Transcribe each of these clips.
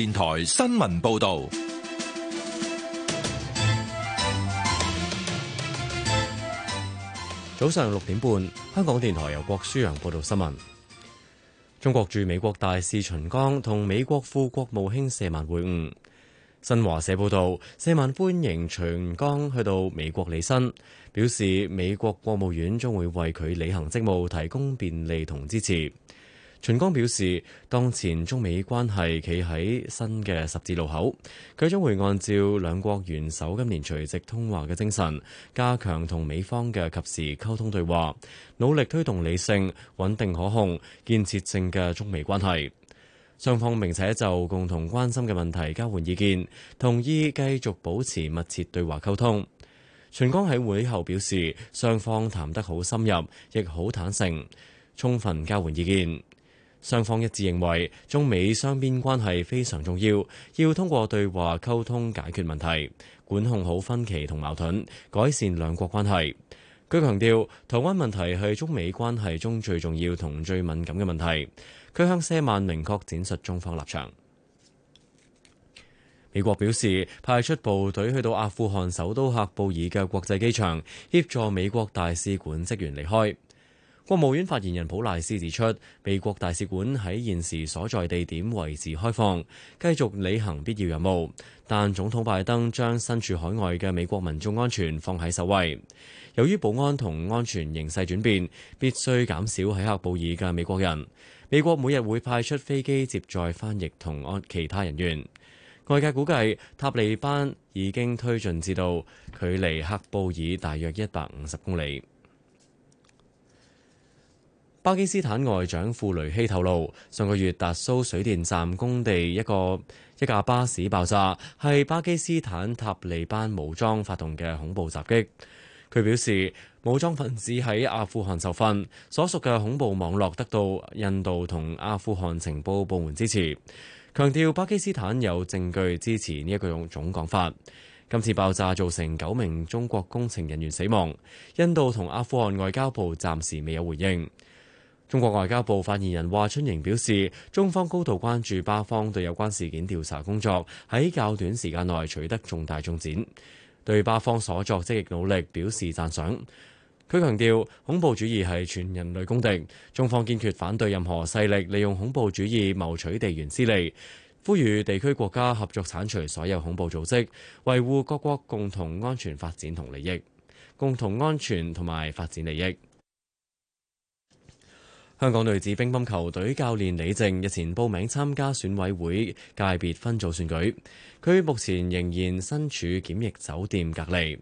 電台新聞報道，早上六點半，香港電台由郭舒揚報道新聞。中國駐美國大使秦剛同美國副國務卿謝曼會晤。新華社報道，謝曼歡迎秦剛去到美國履新，表示美國國務院將會為佢履行職務提供便利同支持。秦剛表示，當前中美關係企喺新嘅十字路口。佢將會按照兩國元首今年隨即通話嘅精神，加強同美方嘅及時溝通對話，努力推動理性、穩定、可控、建設性嘅中美關係。雙方明且就共同關心嘅問題交換意見，同意繼續保持密切對話溝通。秦剛喺會後表示，雙方談得好深入，亦好坦誠，充分交換意見。雙方一致認為，中美雙邊關係非常重要，要通過對話溝通解決問題，管控好分歧同矛盾，改善兩國關係。佢強調，台灣問題係中美關係中最重要同最敏感嘅問題。佢向舍曼明確闡述中方立場。美國表示派出部隊去到阿富汗首都喀布爾嘅國際機場，協助美國大使館職員離開。國務院發言人普賴斯指出，美國大使館喺現時所在地點維持開放，繼續履行必要任務。但總統拜登將身處海外嘅美國民眾安全放喺首位。由於保安同安全形勢轉變，必須減少喺喀布爾嘅美國人。美國每日會派出飛機接載翻譯同安其他人員。外界估計，塔利班已經推進至到距離喀布爾大約一百五十公里。巴基斯坦外長庫雷希透露，上個月達蘇水電站工地一個一架巴士爆炸，係巴基斯坦塔利班武裝發動嘅恐怖襲擊。佢表示，武裝分子喺阿富汗受訓，所屬嘅恐怖網絡得到印度同阿富汗情報部門支持。強調巴基斯坦有證據支持呢一句總講法。今次爆炸造成九名中國工程人員死亡。印度同阿富汗外交部暫時未有回應。中國外交部發言人華春瑩表示，中方高度關注巴方對有關事件調查工作喺較短時間內取得重大進展，對巴方所作積極努力表示讚賞。佢強調，恐怖主義係全人類公敵，中方堅決反對任何勢力利用恐怖主義謀取地緣私利，呼籲地區國家合作鏟除所有恐怖組織，維護各國共同安全發展同利益，共同安全同埋發展利益。香港女子乒，乒乓球隊教練李靜日前報名參加選委會界別分組選舉，佢目前仍然身處檢疫酒店隔離。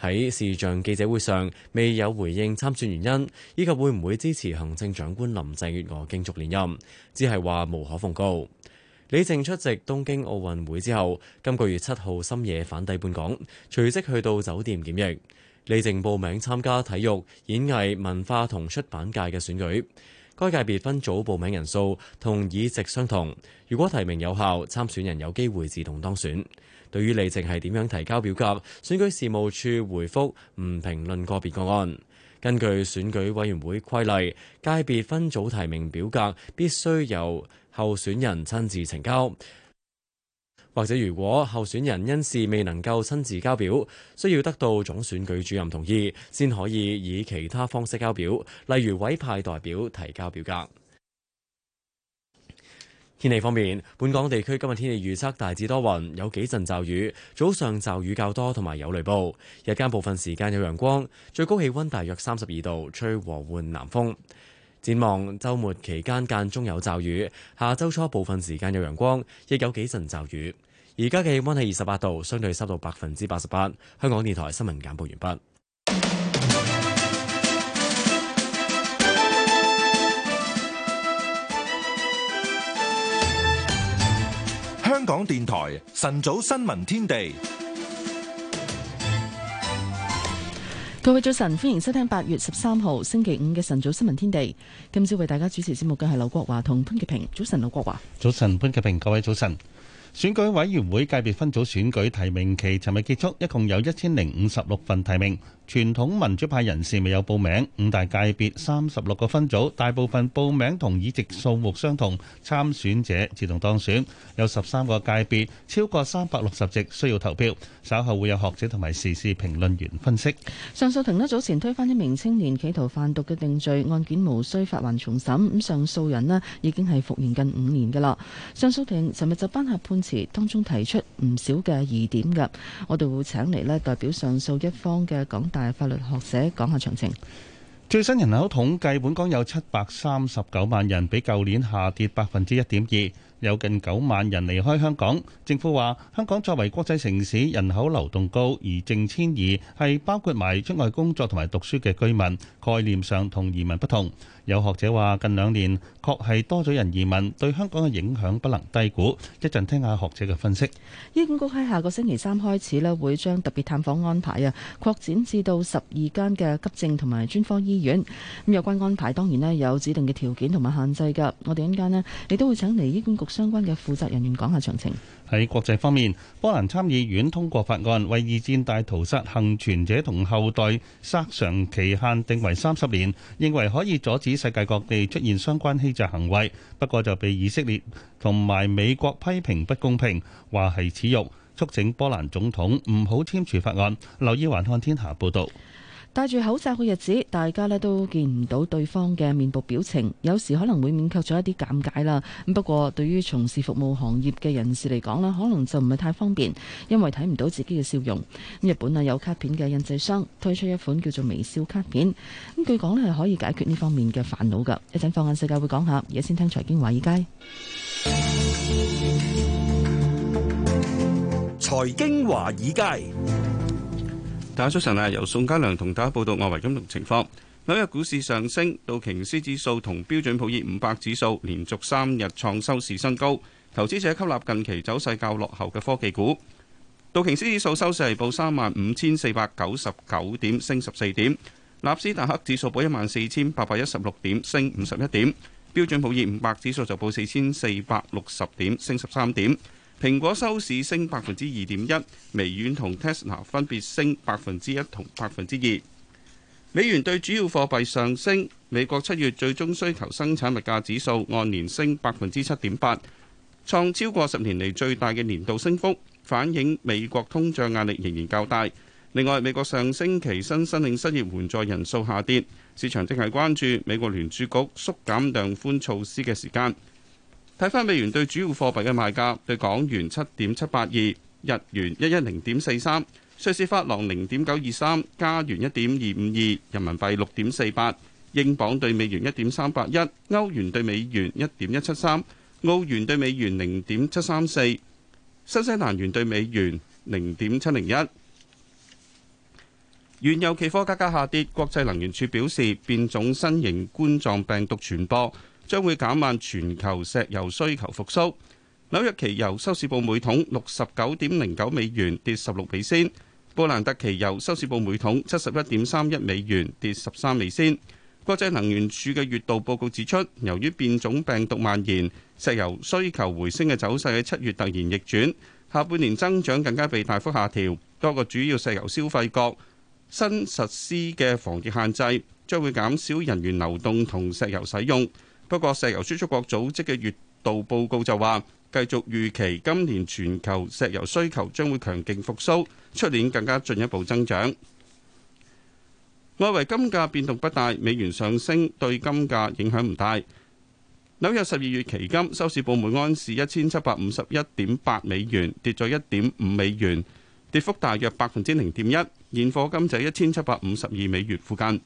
喺視像記者會上，未有回應參選原因，以及會唔會支持行政長官林鄭月娥競逐連任，只係話無可奉告。李靜出席東京奧運會之後，今個月七號深夜返抵本港，隨即去到酒店檢疫。李靜報名參加體育、演藝、文化同出版界嘅選舉，該界別分組報名人數同議席相同。如果提名有效，參選人有機會自動當選。對於李靜係點樣提交表格，選舉事務處回覆唔評論個別個案。根據選舉委員會規例，界別分組提名表格必須由候選人親自呈交。或者如果候選人因事未能夠親自交表，需要得到總選舉主任同意，先可以以其他方式交表，例如委派代表提交表格。天氣方面，本港地區今日天氣預測大致多雲，有幾陣驟雨，早上驟雨較多同埋有雷暴，日間部分時間有陽光，最高氣溫大約三十二度，吹和緩南風。展望周末期間間中有驟雨，下周初部分時間有陽光，亦有幾陣驟雨。而家嘅氣溫係二十八度，相對濕度百分之八十八。香港電台新聞簡報完畢。香港電台晨早新聞天地。各位早晨，歡迎收聽八月十三號星期五嘅晨早新聞天地。今朝為大家主持節目嘅係劉國華同潘潔平。早晨，劉國華。早晨，潘潔平。各位早晨。選舉委員會界別分組選舉提名期尋日結束，一共有一千零五十六份提名。傳統民主派人士未有報名，五大界別三十六個分組，大部分報名同議席數目相同，參選者自動當選。有十三個界別超過三百六十席需要投票。稍後會有學者同埋時事評論員分析。上訴庭呢早前推翻一名青年企圖販毒嘅定罪案件，無需發還重審。咁上訴人呢已經係服刑近五年㗎啦。上訴庭尋日就頒下判詞，當中提出唔少嘅疑點㗎。我哋會請嚟咧代表上訴一方嘅港大法律學者講下詳情。最新人口統計，本港有七百三十九萬人，比舊年下跌百分之一點二。有近九萬人離開香港，政府話香港作為國際城市，人口流動高，淨遷移係包括埋出外工作同埋讀書嘅居民，概念上同移民不同。有學者話近兩年確係多咗人移民，對香港嘅影響不能低估。一陣聽下學者嘅分析。醫管局喺下個星期三開始咧，會將特別探訪安排啊擴展至到十二間嘅急症同埋專科醫院。咁有關安排當然咧有指定嘅條件同埋限制㗎。我哋一陣間咧亦都會請嚟醫管局。相關嘅負責人員講下詳情。喺國際方面，波蘭參議院通過法案，為二戰大屠殺幸存者同後代索償期限定為三十年，認為可以阻止世界各地出現相關欺詐行為。不過就被以色列同埋美國批評不公平，話係恥辱，促請波蘭總統唔好簽署法案。留意環看天下報道。戴住口罩嘅日子，大家咧都見唔到對方嘅面部表情，有時可能會免卻咗一啲尷尬啦。咁不過對於從事服務行業嘅人士嚟講咧，可能就唔係太方便，因為睇唔到自己嘅笑容。日本啊有卡片嘅印製商推出一款叫做微笑卡片，咁據講咧係可以解決呢方面嘅煩惱噶。一陣放眼世界會講下，而家先聽財經華爾街。財經華爾街。大家早晨啊！由宋家良同大家報道外圍金融情況。紐約股市上升，道瓊斯指數同標準普爾五百指數連續三日創收市新高。投資者吸納近期走勢較落後嘅科技股。道瓊斯指數收市係報三萬五千四百九十九點，升十四點；納斯達克指數報一萬四千八百一十六點，升五十一點；標準普爾五百指數就報四千四百六十點，升十三點。蘋果收市升百分之二點一，微軟同 Tesla 分別升百分之一同百分之二。美元對主要貨幣上升，美國七月最終需求生產物價指數按年升百分之七點八，創超過十年嚟最大嘅年度升幅，反映美國通脹壓力仍然較大。另外，美國上星期新申請失業援助人數下跌，市場正係關注美國聯儲局縮減量寬措施嘅時間。睇返美元對主要貨幣嘅賣價，對港元七點七八二，日元一一零點四三，瑞士法郎零點九二三，加元一點二五二，人民幣六點四八，英鎊對美元一點三八一，歐元對美元一點一七三，澳元對美元零點七三四，新西蘭元對美元零點七零一。原油期貨價格下跌，國際能源署表示，變種新型冠狀病毒傳播。將會減慢全球石油需求復甦。紐約期油收市報每桶六十九點零九美元，跌十六美仙。布蘭特期油收市報每桶七十一點三一美元，跌十三美仙。國際能源署嘅月度報告指出，由於變種病毒蔓延，石油需求回升嘅走勢喺七月突然逆轉，下半年增長更加被大幅下調。多個主要石油消費國新實施嘅防疫限制，將會減少人員流動同石油使用。不過，石油輸出國組織嘅月度報告就話，繼續預期今年全球石油需求將會強勁復甦，出年更加進一步增長。外圍金價變動不大，美元上升對金價影響唔大。紐約十二月期金收市報每安士一千七百五十一點八美元，跌咗一點五美元，跌幅大約百分之零點一。現貨金就一千七百五十二美元附近。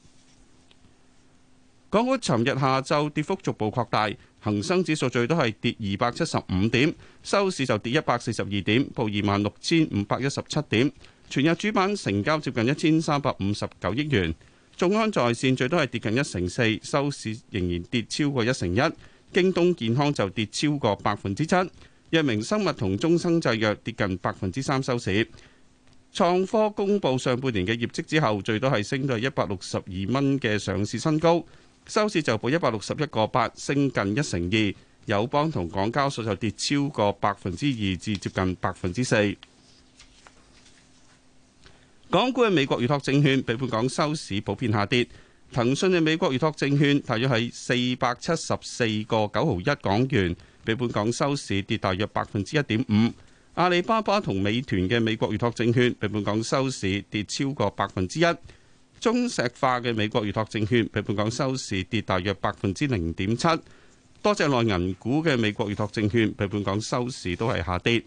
港股尋日下晝跌幅逐步擴大，恒生指數最多係跌二百七十五點，收市就跌一百四十二點，報二萬六千五百一十七點。全日主板成交接近一千三百五十九億元。眾安在線最多係跌近一成四，收市仍然跌超過一成一。京東健康就跌超過百分之七，藥明生物同中生製藥跌近百分之三，收市。創科公布上半年嘅業績之後，最多係升到一百六十二蚊嘅上市新高。收市就報一百六十一個八，升近一成二。友邦同港交所就跌超過百分之二至接近百分之四。港股嘅美國預託證券比本港收市普遍下跌。騰訊嘅美國預託證券大約係四百七十四個九毫一港元，比本港收市跌大約百分之一點五。阿里巴巴同美團嘅美國預託證券比本港收市跌超過百分之一。中石化嘅美國預託證券比本港收市跌大約百分之零點七，多隻內銀股嘅美國預託證券比本港收市都係下跌。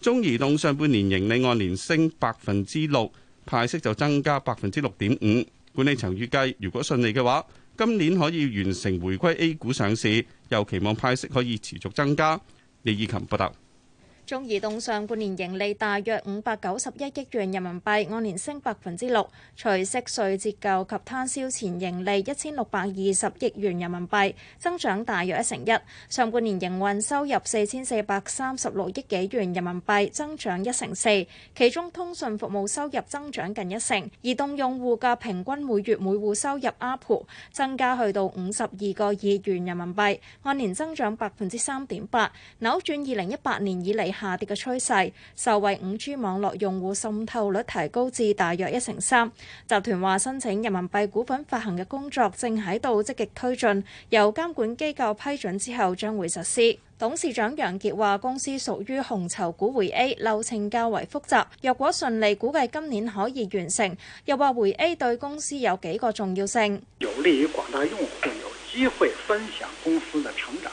中移動上半年盈利按年升百分之六，派息就增加百分之六點五。管理層預計如果順利嘅話，今年可以完成回歸 A 股上市，又期望派息可以持續增加。李以琴報道。中移動上半年盈利大約五百九十一億元人民幣，按年升百分之六，除息稅折舊及攤銷前盈利一千六百二十億元人民幣，增長大約一成一。上半年營運收入四千四百三十六億幾元人民幣，增長一成四，其中通訊服務收入增長近一成。移動用戶嘅平均每月每戶收入 RPU 增加去到五十二個二元人民幣，按年增長百分之三點八，扭轉二零一八年以嚟下跌嘅趨勢，受惠五 G 網絡用戶滲透率提高至大約一成三。集團話，申請人民幣股份發行嘅工作正喺度積極推進，由監管機構批准之後將會實施。董事長楊杰話，公司屬於紅籌股回 A 流程較為複雜，若果順利，估計今年可以完成。又話回 A 對公司有幾個重要性，有利於廣大用戶有機會分享公司的成長。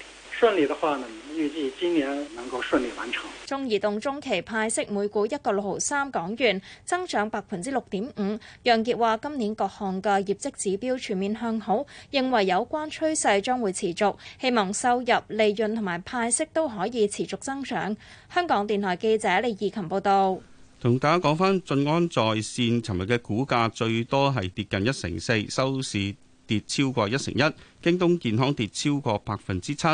順利的話呢，預計今年能夠順利完成。中移動中期派息每股一個六毫三港元，增長百分之六點五。楊杰話：今年各項嘅業績指標全面向好，認為有關趨勢將會持續，希望收入、利潤同埋派息都可以持續增長。香港電台記者李義琴報道。同大家講翻，晉安在線尋日嘅股價最多係跌近一成四，收市跌超過一成一。京東健康跌超過百分之七。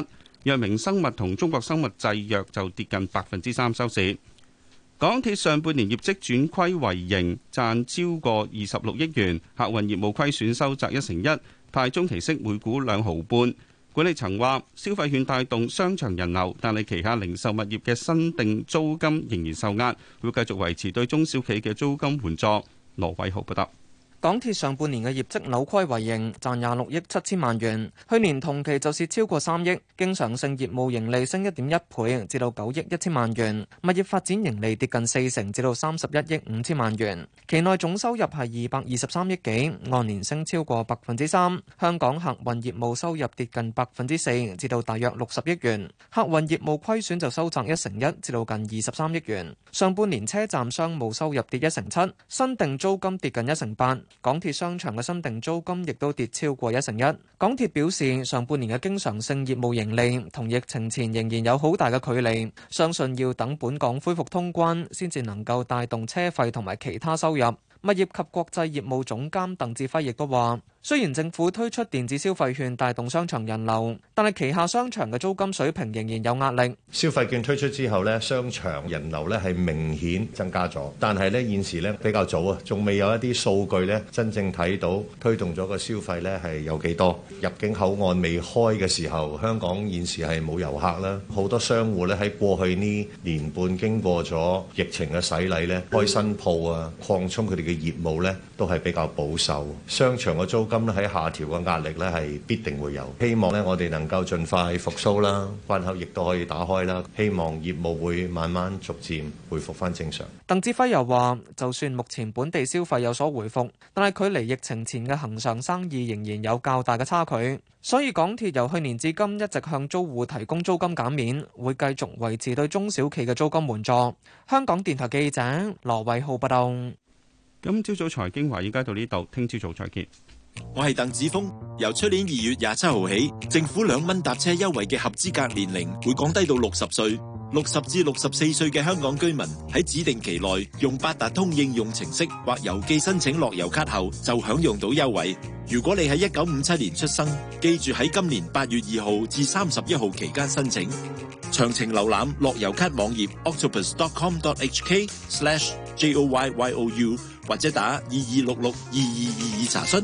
藥明生物同中國生物製藥就跌近百分之三收市。港鐵上半年業績轉虧為盈，賺超過二十六億元，客運業務虧損收窄一成一，派中期息每股兩毫半。管理層話，消費券帶動商場人流，但係旗下零售物業嘅新定租金仍然受壓，會繼續維持對中小企嘅租金援助。羅偉豪報道。港鐵上半年嘅業績扭虧為盈，賺廿六億七千萬元。去年同期就蝕超過三億，經常性業務盈利升一點一倍，至到九億一千萬元。物業發展盈利跌近四成，至到三十一億五千萬元。期內總收入係二百二十三億幾，按年升超過百分之三。香港客運業務收入跌近百分之四，至到大約六十億元。客運業務虧損就收窄一成一，至到近二十三億元。上半年車站商務收入跌一成七，新訂租金跌近一成八。港鐵商場嘅新訂租金亦都跌超過一成一。港鐵表示，上半年嘅經常性業務盈利同疫情前仍然有好大嘅距離，相信要等本港恢復通關，先至能夠帶動車費同埋其他收入。物業及國際業務總監鄧志輝亦都話。雖然政府推出電子消費券帶動商場人流，但係旗下商場嘅租金水平仍然有壓力。消費券推出之後咧，商場人流咧係明顯增加咗，但係咧現時咧比較早啊，仲未有一啲數據咧真正睇到推動咗個消費咧係有幾多。入境口岸未開嘅時候，香港現時係冇遊客啦。好多商戶咧喺過去呢年半經過咗疫情嘅洗禮咧，開新鋪啊、擴充佢哋嘅業務咧，都係比較保守。商場嘅租金。咁喺下調嘅壓力呢，係必定會有。希望呢，我哋能夠盡快復甦啦，關口亦都可以打開啦。希望業務會慢慢逐漸回復翻正常。鄧志輝又話：就算目前本地消費有所回復，但係距離疫情前嘅恒常生意仍然有較大嘅差距，所以港鐵由去年至今一直向租戶提供租金減免，會繼續維持對中小企嘅租金援助。香港電台記者羅偉浩報道。今朝早財經華爾街到呢度，聽朝早再見。我係鄧子峰。由出年二月廿七號起，政府兩蚊搭車優惠嘅合資格年齡會降低到六十歲。六十至六十四歲嘅香港居民喺指定期內用八達通應用程式或郵寄申請樂悠咭後，就享用到優惠。如果你喺一九五七年出生，記住喺今年八月二號至三十一號期間申請。詳情瀏覽樂悠咭網頁 octopus.com.hk/joyyou，或者打二二六六二二二二查詢。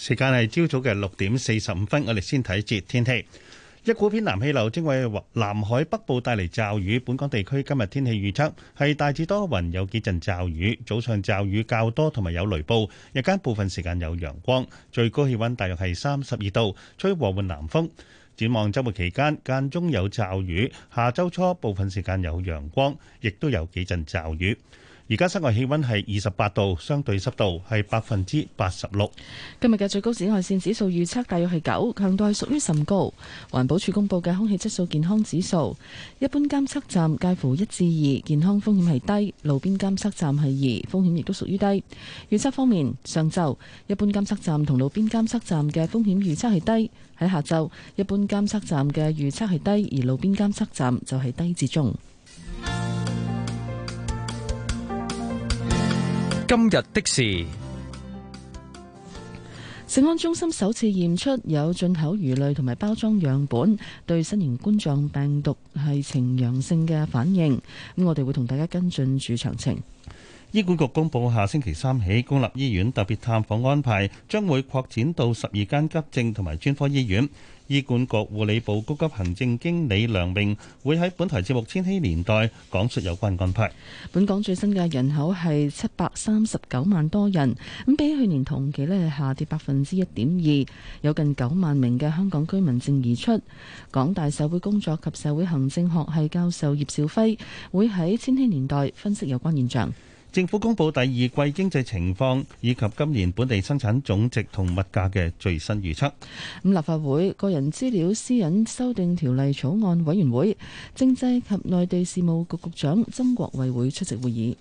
時間係朝早嘅六點四十五分，我哋先睇節天氣。一股偏南氣流正為南海北部帶嚟驟雨，本港地區今日天氣預測係大致多雲，有幾陣驟雨，早上驟雨較多，同埋有雷暴，日間部分時間有陽光，最高氣溫大約係三十二度，吹和緩南風。展望週末期間間中有驟雨，下週初部分時間有陽光，亦都有幾陣驟雨。而家室外氣溫係二十八度，相對濕度係百分之八十六。今日嘅最高紫外線指數預測大約係九，強度係屬於甚高。環保署公布嘅空氣質素健康指數，一般監測站介乎一至二，健康風險係低；路邊監測站係二，風險亦都屬於低。預測方面，上晝一般監測站同路邊監測站嘅風險預測係低；喺下晝，一般監測站嘅預測係低，低，而路邊監測站就係低至中。今日的事，食安中心首次驗出有進口魚類同埋包裝樣本對新型冠狀病毒係呈陽性嘅反應。咁我哋會同大家跟進住詳情。醫管局公布下星期三起，公立醫院特別探訪安排將會擴展到十二間急症同埋專科醫院。醫管局護理部高級行政經理梁穎會喺本台節目《千禧年代》講述有關安排。本港最新嘅人口係七百三十九萬多人，咁比去年同期咧下跌百分之一點二，有近九萬名嘅香港居民淨移出。港大社會工作及社會行政學系教授葉兆輝會喺《千禧年代》分析有關現象。政府公布第二季經濟情況，以及今年本地生產總值同物價嘅最新預測。咁立法會個人資料私隱修訂條例草案委員會，政制及內地事務局局長曾國衛會出席會議。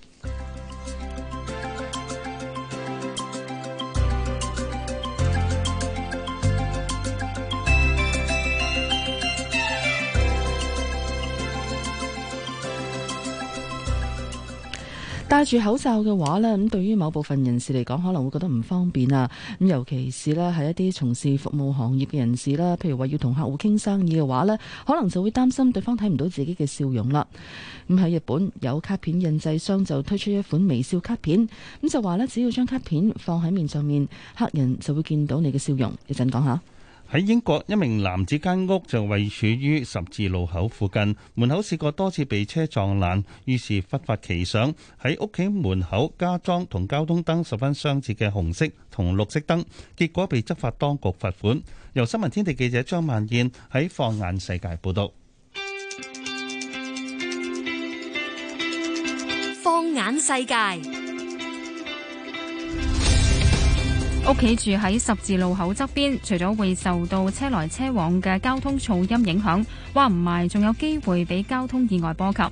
戴住口罩嘅話呢，咁對於某部分人士嚟講，可能會覺得唔方便啊！咁尤其是呢，係一啲從事服務行業嘅人士啦，譬如話要同客戶傾生意嘅話呢，可能就會擔心對方睇唔到自己嘅笑容啦。咁喺日本，有卡片印製商就推出一款微笑卡片，咁就話呢，只要將卡片放喺面上面，客人就會見到你嘅笑容。一陣講下。喺英國，一名男子間屋就位處於十字路口附近，門口試過多次被車撞爛，於是忽發奇想喺屋企門口加裝同交通燈十分相似嘅紅色同綠色燈，結果被執法當局罰款。由新聞天地記者張萬燕喺放眼世界報道。放眼世界。報屋企住喺十字路口側邊，除咗會受到車來車往嘅交通噪音影響，話唔埋仲有機會俾交通意外波及。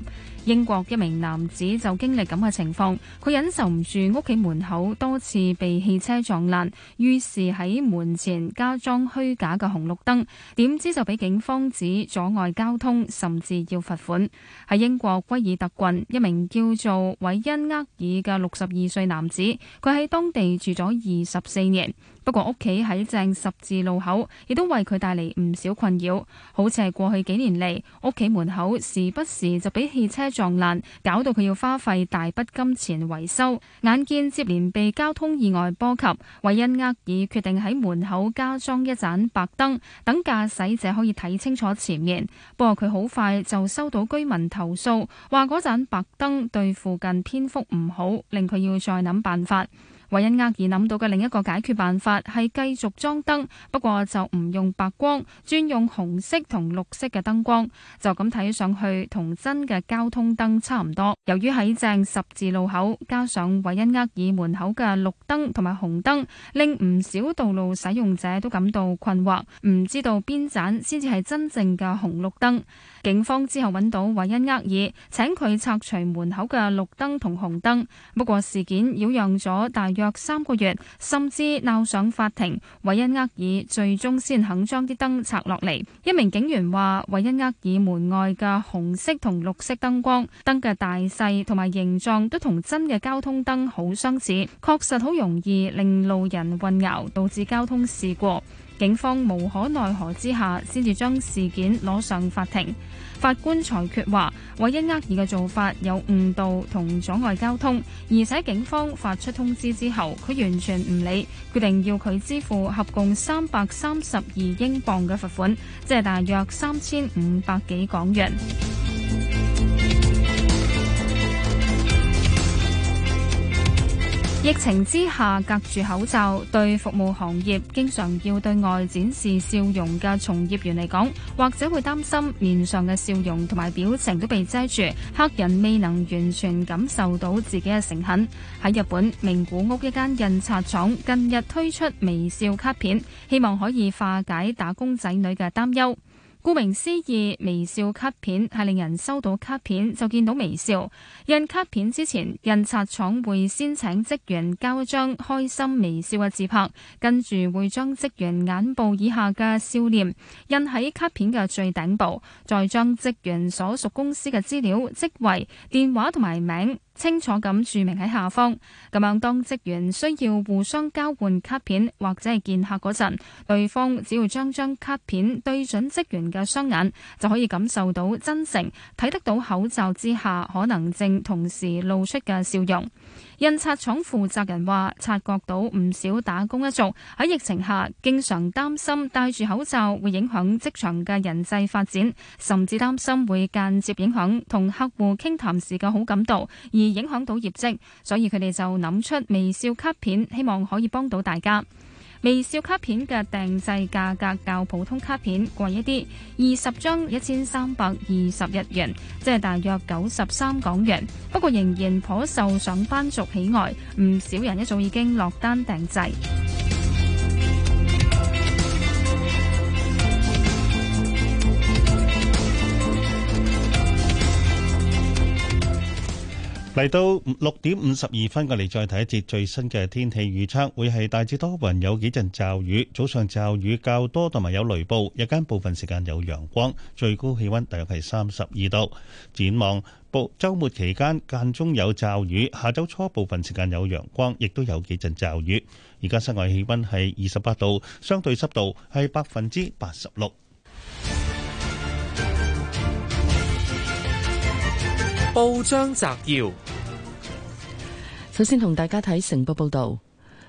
英國一名男子就經歷咁嘅情況，佢忍受唔住屋企門口多次被汽車撞爛，於是喺門前加裝虛假嘅紅綠燈，點知就俾警方指阻礙交通，甚至要罰款。喺英國威爾特郡，一名叫做韋恩厄爾嘅六十二歲男子，佢喺當地住咗二十四年。不過屋企喺正十字路口，亦都為佢帶嚟，唔少困擾。好似係過去幾年嚟，屋企門口時不時就俾汽車撞爛，搞到佢要花費大筆金錢維修。眼見接連被交通意外波及，韋恩厄爾決定喺門口加裝一盞白燈，等駕駛者可以睇清楚前面。不過佢好快就收到居民投訴，話嗰盞白燈對附近蝙蝠唔好，令佢要再諗辦法。維恩厄爾諗到嘅另一個解決辦法係繼續裝燈，不過就唔用白光，專用紅色同綠色嘅燈光，就咁睇上去同真嘅交通燈差唔多。由於喺正十字路口加上維恩厄爾門口嘅綠燈同埋紅燈，令唔少道路使用者都感到困惑，唔知道邊盞先至係真正嘅紅綠燈。警方之後揾到維恩厄爾，請佢拆除門口嘅綠燈同紅燈。不過事件擾攘咗大約約三個月，甚至鬧上法庭。偉恩厄爾最終先肯將啲燈拆落嚟。一名警員話，偉恩厄爾門外嘅紅色同綠色燈光，燈嘅大細同埋形狀都同真嘅交通燈好相似，確實好容易令路人混淆，導致交通事故。警方無可奈何之下，先至將事件攞上法庭。法官裁決話：唯一呃，爾嘅做法有誤導同阻礙交通，而且警方發出通知之後，佢完全唔理，決定要佢支付合共三百三十二英鎊嘅罰款，即係大約三千五百幾港元。疫情之下，隔住口罩，對服務行業經常要對外展示笑容嘅從業員嚟講，或者會擔心面上嘅笑容同埋表情都被遮住，客人未能完全感受到自己嘅誠懇。喺日本名古屋一間印刷廠近日推出微笑卡片，希望可以化解打工仔女嘅擔憂。顧名思義，微笑卡片係令人收到卡片就見到微笑。印卡片之前，印刷廠會先請職員交一張開心微笑嘅自拍，跟住會將職員眼部以下嘅笑臉印喺卡片嘅最頂部，再將職員所屬公司嘅資料、職位、電話同埋名。清楚咁注明，喺下方，咁樣當職員需要互相交換卡片或者係見客嗰陣，對方只要將張卡片對準職員嘅雙眼，就可以感受到真誠，睇得到口罩之下可能正同時露出嘅笑容。印刷廠負責人話：察覺到唔少打工一族喺疫情下經常擔心戴住口罩會影響職場嘅人際發展，甚至擔心會間接影響同客戶傾談時嘅好感度，而影響到業績。所以佢哋就諗出微笑卡片，希望可以幫到大家。微笑卡片嘅訂製價格較普通卡片貴一啲，二十張一千三百二十日元，即係大約九十三港元。不過仍然頗受上班族喜愛，唔少人一早已經落單訂製。嚟到六點五十二分我哋再睇一節最新嘅天氣預測，會係大致多雲，有幾陣驟雨。早上驟雨較多，同埋有雷暴，日間部分時間有陽光，最高氣溫大約係三十二度。展望部周末期間間中有驟雨，下周初部分時間有陽光，亦都有幾陣驟雨。而家室外氣溫係二十八度，相對濕度係百分之八十六。報章摘要，首先同大家睇成報報道，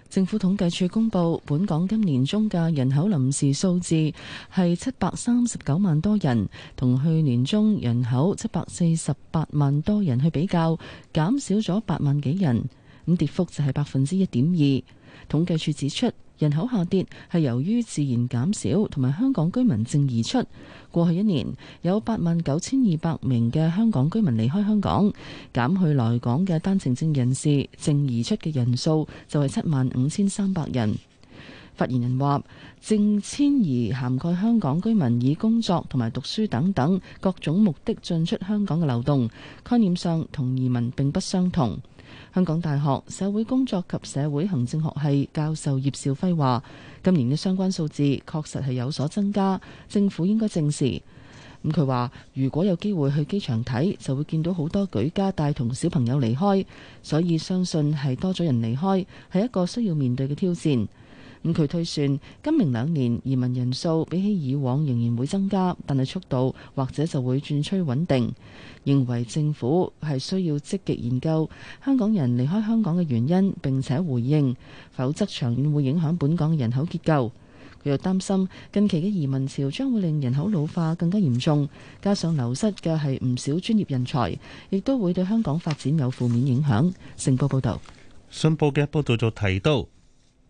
政府統計處公布本港今年中嘅人口臨時數字係七百三十九萬多人，同去年中人口七百四十八萬多人去比較，減少咗八萬幾人，咁跌幅就係百分之一點二。統計處指出，人口下跌係由於自然減少同埋香港居民淨移出。過去一年有八萬九千二百名嘅香港居民離開香港，減去來港嘅單程證人士淨移出嘅人數就係七萬五千三百人。發言人話，淨遷移涵蓋香港居民以工作同埋讀書等等各種目的進出香港嘅流動，概念上同移民並不相同。香港大學社會工作及社會行政學系教授葉兆輝話：今年嘅相關數字確實係有所增加，政府應該正視。咁佢話：如果有機會去機場睇，就會見到好多舉家帶同小朋友離開，所以相信係多咗人離開，係一個需要面對嘅挑戰。佢推算今明兩年移民人數比起以往仍然會增加，但係速度或者就會轉趨穩定。認為政府係需要積極研究香港人離開香港嘅原因，並且回應，否則長遠會影響本港嘅人口結構。佢又擔心近期嘅移民潮將會令人口老化更加嚴重，加上流失嘅係唔少專業人才，亦都會對香港發展有負面影響。成報報導，新報嘅報道就提到。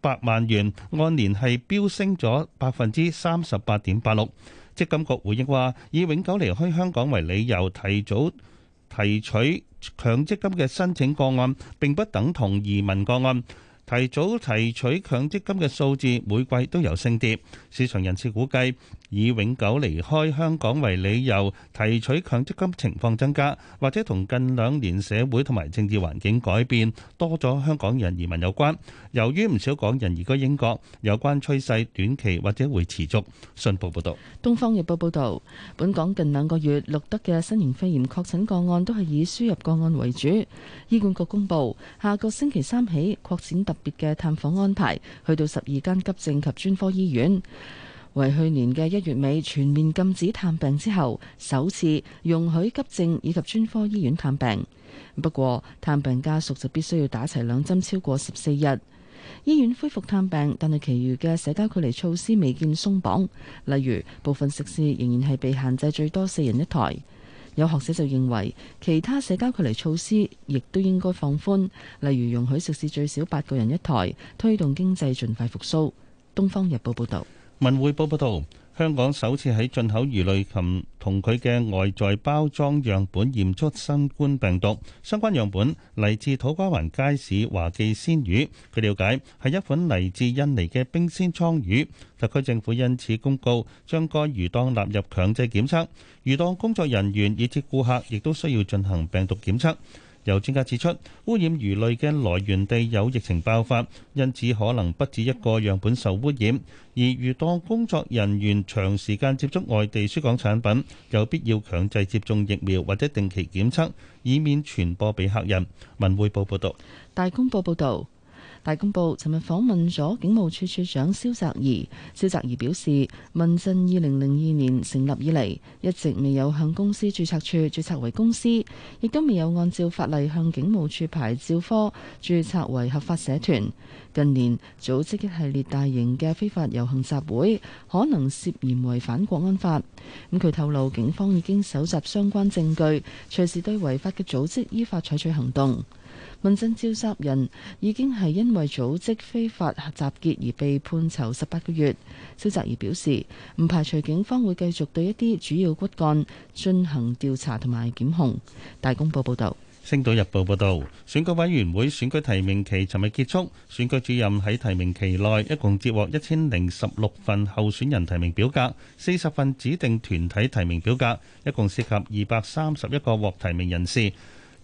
百萬元，按年係飆升咗百分之三十八點八六。積金局回應話，以永久離開香港為理由提早提取強積金嘅申請個案並不等同移民個案。提早提取強積金嘅數字每季都有升跌，市場人士估計。以永久離開香港為理由，提取強積金情況增加，或者同近兩年社會同埋政治環境改變，多咗香港人移民有關。由於唔少港人移居英國，有關趨勢短期或者會持續。信報報導。東方日報報道：本港近兩個月錄得嘅新型肺炎確診個案都係以輸入個案為主。醫管局公布，下個星期三起擴展特別嘅探訪安排，去到十二間急症及專科醫院。為去年嘅一月尾全面禁止探病之後，首次容許急症以及專科醫院探病。不過，探病家屬就必須要打齊兩針，超過十四日。醫院恢復探病，但係其餘嘅社交距離措施未見鬆綁，例如部分食肆仍然係被限制最多四人一台。有學者就認為，其他社交距離措施亦都應該放寬，例如容許食肆最少八個人一台，推動經濟盡快復甦。東方日報報道。文匯報報道，香港首次喺進口魚類禽同佢嘅外在包裝樣本驗出新冠病毒，相關樣本嚟自土瓜灣街市華記鮮魚。據了解，係一款嚟自印尼嘅冰鮮鯧魚。特區政府因此公告，將該魚檔納入強制檢測，魚檔工作人員以及顧客亦都需要進行病毒檢測。有專家指出，污染魚類嘅來源地有疫情爆發，因此可能不止一個樣本受污染。而魚檔工作人員長時間接觸外地輸港產品，有必要強制接種疫苗或者定期檢測，以免傳播俾客人。文匯報報道。大公報報導。大公報尋日訪問咗警務處處長蕭澤頤，蕭澤頤表示，民陣二零零二年成立以嚟，一直未有向公司註冊處註冊為公司，亦都未有按照法例向警務處牌照科註冊為合法社團。近年組織一系列大型嘅非法遊行集會，可能涉嫌違反國安法。咁佢透露，警方已經搜集相關證據，隨時對違法嘅組織依法採取行動。問政召集人已經係因為組織非法集結而被判囚十八個月。蕭澤頤表示，唔排除警方會繼續對一啲主要骨幹進行調查同埋檢控。大公報報道。《星島日報》報道，選舉委員會選舉提名期尋日結束，選舉主任喺提名期內一共接獲一千零十六份候選人提名表格，四十份指定團體提名表格，一共涉及二百三十一個獲提名人士。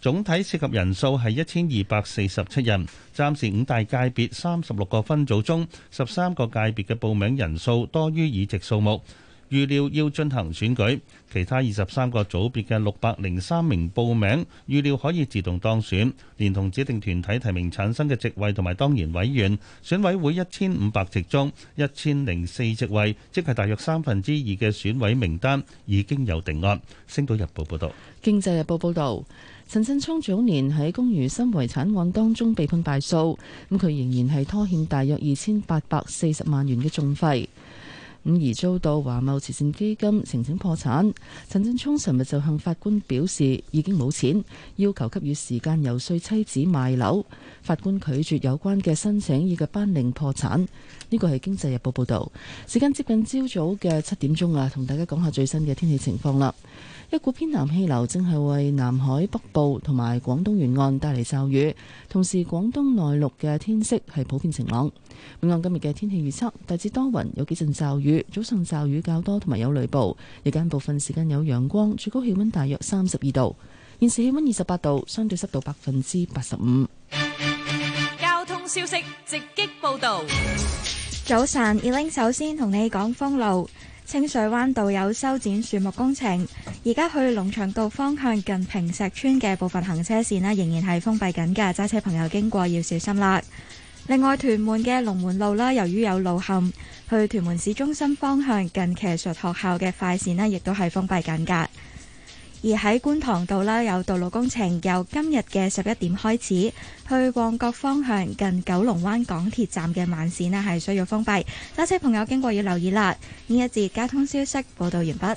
總體涉及人數係一千二百四十七人。暫時五大界別三十六個分組中，十三個界別嘅報名人數多於議席數目，預料要進行選舉。其他二十三個組別嘅六百零三名報名，預料可以自動當選，連同指定團體提名產生嘅席位同埋當然委員。選委會一千五百席中，一千零四席位，即係大約三分之二嘅選委名單已經有定案。星島日報報道。經濟日報報導。陳振聰早年喺公餘新遺產案當中被判敗訴，咁佢仍然係拖欠大約二千八百四十萬元嘅訟費，咁而遭到華懋慈善基金申請破產。陳振聰尋日就向法官表示已經冇錢，要求給予時間游說妻子賣樓。法官拒絕有關嘅申請，以及頒令破產。呢個係《經濟日報》報道。時間接近朝早嘅七點鐘啊，同大家講下最新嘅天氣情況啦。一股偏南氣流正係為南海北部同埋廣東沿岸帶嚟驟雨，同時廣東內陸嘅天色係普遍晴朗。本港今日嘅天氣預測大致多雲，有幾陣驟雨，早上驟雨較多同埋有雷暴，日間部分時間有陽光，最高氣溫大約三十二度，現時氣溫二十八度，相對濕度百分之八十五。交通消息直擊報道，早晨，Eling 首先同你講風路。清水灣道有修剪樹木工程，而家去龍翔道方向近坪石村嘅部分行車線咧，仍然係封閉緊噶，揸車朋友經過要小心啦。另外，屯門嘅龍門路啦，由於有路陷，去屯門市中心方向近騎術學校嘅快線咧，亦都係封閉緊噶。而喺觀塘道啦，有道路工程，由今日嘅十一點開始，去旺角方向近九龍灣港鐵站嘅慢線呢，係需要封閉，揸車朋友經過要留意啦。呢一節交通消息報道完畢。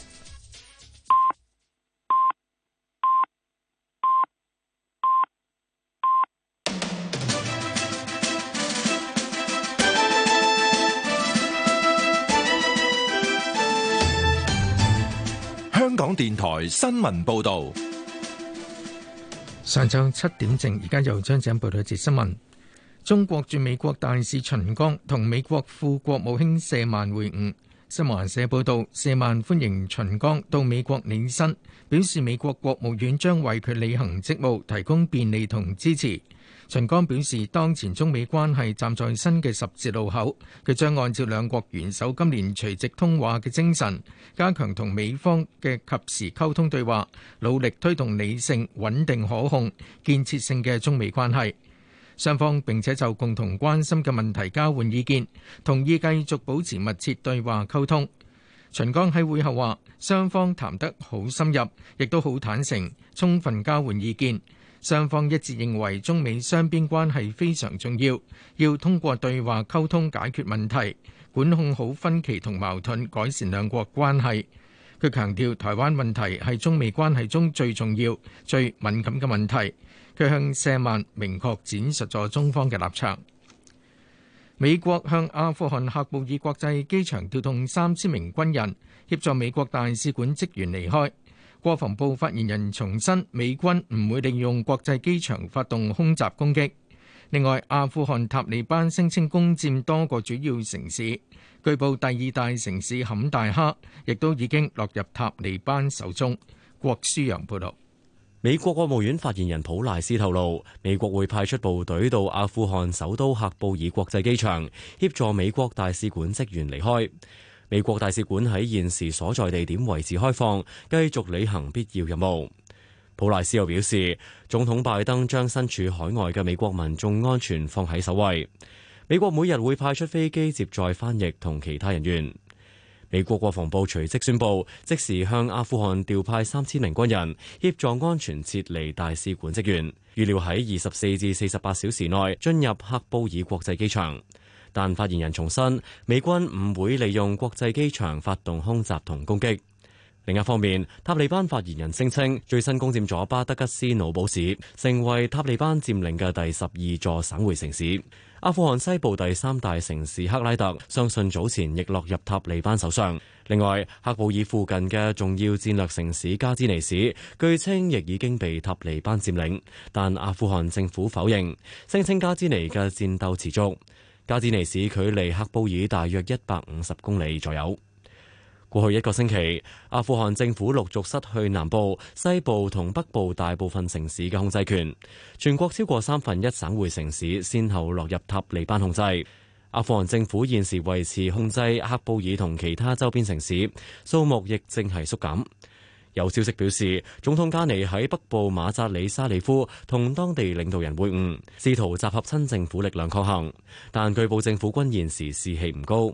香港電台新聞報道，上晝七點正，而家由張子恩報道一節新聞。中國駐美國大使秦剛同美國副國務卿謝曼會晤。新華社報道，謝曼歡迎秦剛到美國履新，表示美國國務院將為佢履行職務提供便利同支持。秦剛表示，當前中美關係站在新嘅十字路口，佢將按照兩國元首今年除夕通話嘅精神，加強同美方嘅及時溝通對話，努力推動理性、穩定、可控、建設性嘅中美關係。雙方並且就共同關心嘅問題交換意見，同意繼續保持密切對話溝通。秦剛喺會後話：雙方談得好深入，亦都好坦誠，充分交換意見。雙方一致認為中美雙邊關係非常重要，要通過對話溝通解決問題，管控好分歧同矛盾，改善兩國關係。佢強調台灣問題係中美關係中最重要、最敏感嘅問題。佢向謝爾曼明確展示咗中方嘅立場。美國向阿富汗喀布爾國際機場調動三千名軍人，協助美國大使館職員離開。國防部發言人重申，美軍唔會利用國際機場發動空襲攻擊。另外，阿富汗塔利班聲稱攻佔多個主要城市，據報第二大城市坎大哈亦都已經落入塔利班手中。郭書陽報導。美國國務院發言人普萊斯透露，美國會派出部隊到阿富汗首都喀布爾國際機場，協助美國大使館職員離開。美國大使館喺現時所在地點維持開放，繼續履行必要任務。普萊斯又表示，總統拜登將身處海外嘅美國民眾安全放喺首位。美國每日會派出飛機接載翻譯同其他人員。美國國防部隨即宣布，即時向阿富汗調派三千名軍人協助安全撤離大使館職員，預料喺二十四至四十八小時內進入喀布爾國際機場。但發言人重申，美軍唔會利用國際機場發動空襲同攻擊。另一方面，塔利班發言人聲稱，最新攻佔咗巴德吉斯努堡市，成為塔利班佔領嘅第十二座省會城市。阿富汗西部第三大城市克拉特相信早前亦落入塔利班手上。另外，克布爾附近嘅重要戰略城市加茲尼市，據稱亦已經被塔利班佔領，但阿富汗政府否認，聲稱加茲尼嘅戰鬥持續。加茲尼市距離喀布爾大約一百五十公里左右。過去一個星期，阿富汗政府陸續失去南部、西部同北部大部分城市嘅控制權，全國超過三分一省會城市先後落入塔利班控制。阿富汗政府現時維持控制喀布爾同其他周邊城市，數目亦正係縮減。有消息表示，總統加尼喺北部馬扎里沙里夫同當地領導人會晤，試圖集合親政府力量抗衡，但據報政府軍現時士氣唔高。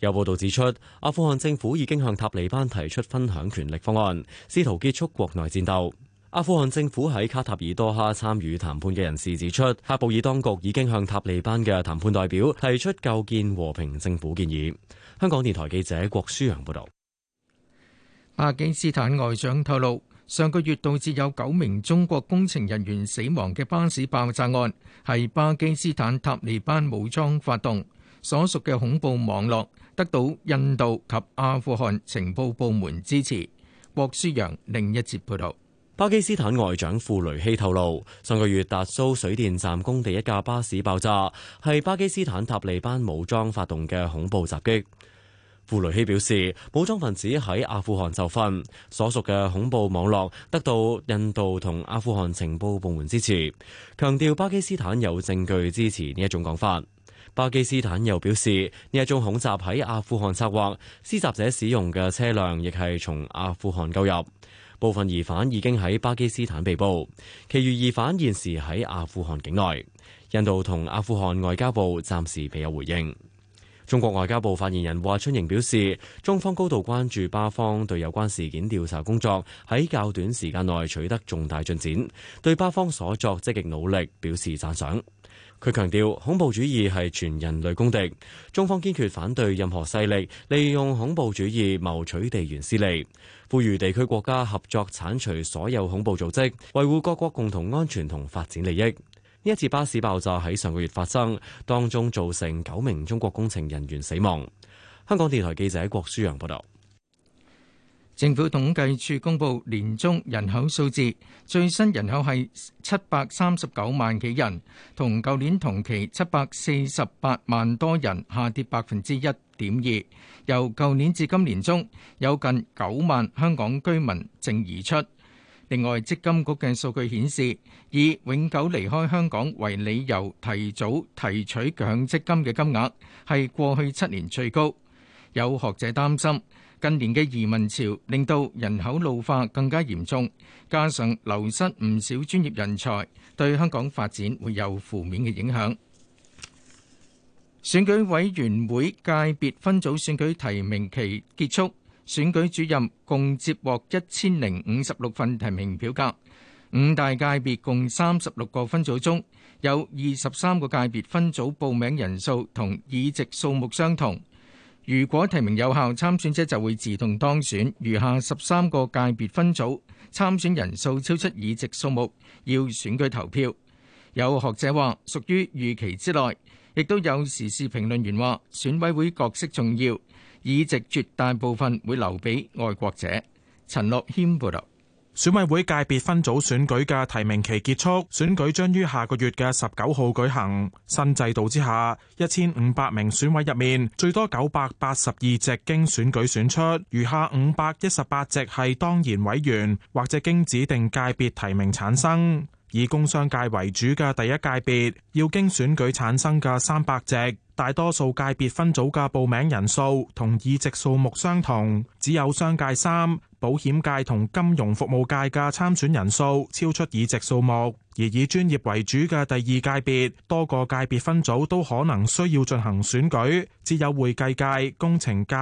有報道指出，阿富汗政府已經向塔利班提出分享權力方案，試圖結束國內戰鬥。阿富汗政府喺卡塔爾多哈參與談判嘅人士指出，喀布爾當局已經向塔利班嘅談判代表提出構建和平政府建議。香港電台記者郭舒陽報道。巴基斯坦外長透露，上個月導致有九名中國工程人員死亡嘅巴士爆炸案，係巴基斯坦塔利班武裝發動，所屬嘅恐怖網絡得到印度及阿富汗情報部門支持。郭舒揚另一節報道。巴基斯坦外長庫雷希透露，上個月達蘇水電站工地一架巴士爆炸，係巴基斯坦塔利班武裝發動嘅恐怖襲擊。布雷希表示，武裝分子喺阿富汗受訓，所屬嘅恐怖網絡得到印度同阿富汗情報部門支持。強調巴基斯坦有證據支持呢一種講法。巴基斯坦又表示，呢一種恐襲喺阿富汗策劃，施襲者使用嘅車輛亦係從阿富汗購入。部分疑犯已經喺巴基斯坦被捕，其餘疑犯現時喺阿富汗境內，印度同阿富汗外交部暫時未有回應。中國外交部發言人華春瑩表示，中方高度關注巴方對有關事件調查工作喺較短時間內取得重大進展，對巴方所作積極努力表示讚賞。佢強調，恐怖主義係全人類公敵，中方堅決反對任何勢力利用恐怖主義謀取地緣私利，呼籲地區國家合作剷除所有恐怖組織，維護各國共同安全同發展利益。呢一次巴士爆炸喺上個月發生，當中造成九名中國工程人員死亡。香港電台記者郭舒陽報道。政府統計處公布年中人口數字，最新人口係七百三十九萬幾人，同舊年同期七百四十八萬多人下跌百分之一點二。由舊年至今年中，有近九萬香港居民正移出。另外，積金局嘅數據顯示，以永久離開香港為理由提早提取強積金嘅金額，係過去七年最高。有學者擔心，近年嘅移民潮令到人口老化更加嚴重，加上流失唔少專業人才，對香港發展會有負面嘅影響。選舉委員會界別分組選舉提名期結束。選舉主任共接獲一千零五十六份提名表格，五大界別共三十六個分組中，有二十三個界別分組報名人數同議席數目相同。如果提名有效，參選者就會自動當選。餘下十三個界別分組參選人數超出議席數目，要選舉投票。有學者話屬於預期之內，亦都有時事評論員話選委會角色重要。議席絕大部分會留俾愛國者。陳樂謙報道，選委會界別分組選舉嘅提名期結束，選舉將於下個月嘅十九號舉行。新制度之下，一千五百名選委入面，最多九百八十二席經選舉選出，餘下五百一十八席係當然委員或者經指定界別提名產生。以工商界為主嘅第一界別，要經選舉產生嘅三百席。大多數界別分組嘅報名人數同議席數目相同，只有商界三、保險界同金融服務界嘅參選人數超出議席數目。而以專業為主嘅第二界別，多個界別分組都可能需要進行選舉，只有會計界、工程界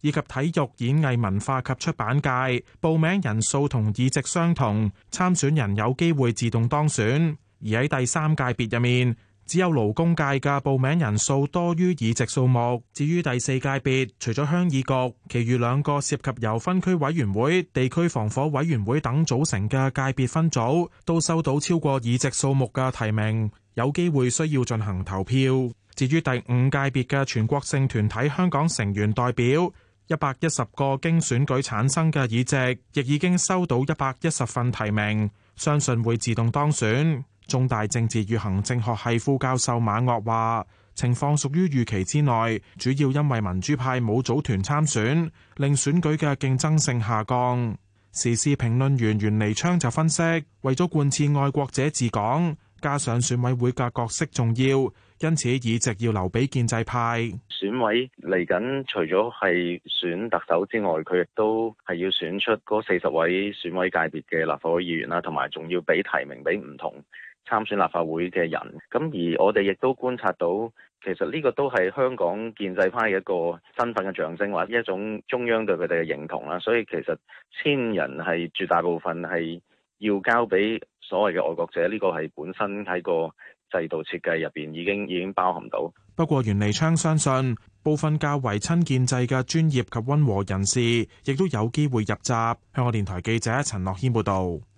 以及體育演藝文化及出版界報名人數同議席相同，參選人有機會自動當選。而喺第三界別入面。只有勞工界嘅報名人數多於議席數目。至於第四界別，除咗鄉議局，其餘兩個涉及由分區委員會、地區防火委員會等組成嘅界別分組，都收到超過議席數目嘅提名，有機會需要進行投票。至於第五界別嘅全國性團體香港成員代表，一百一十個經選舉產生嘅議席，亦已經收到一百一十份提名，相信會自動當選。重大政治與行政學系副教授馬岳話：情況屬於預期之內，主要因為民主派冇組團參選，令選舉嘅競爭性下降。時事評論員袁彌昌就分析：為咗貫徹愛國者治港，加上選委會嘅角色重要，因此議席要留俾建制派。選委嚟緊，除咗係選特首之外，佢亦都係要選出嗰四十位選委界別嘅立法會議員啦，同埋仲要俾提名俾唔同。參選立法會嘅人，咁而我哋亦都觀察到，其實呢個都係香港建制派嘅一個身份嘅象徵，或者一種中央對佢哋嘅認同啦。所以其實千人係絕大部分係要交俾所謂嘅愛國者，呢個係本身喺個制度設計入邊已經已經包含到。不過袁利昌相信，部分較為親建制嘅專業及溫和人士，亦都有機會入閘。香港電台記者陳樂謙報道。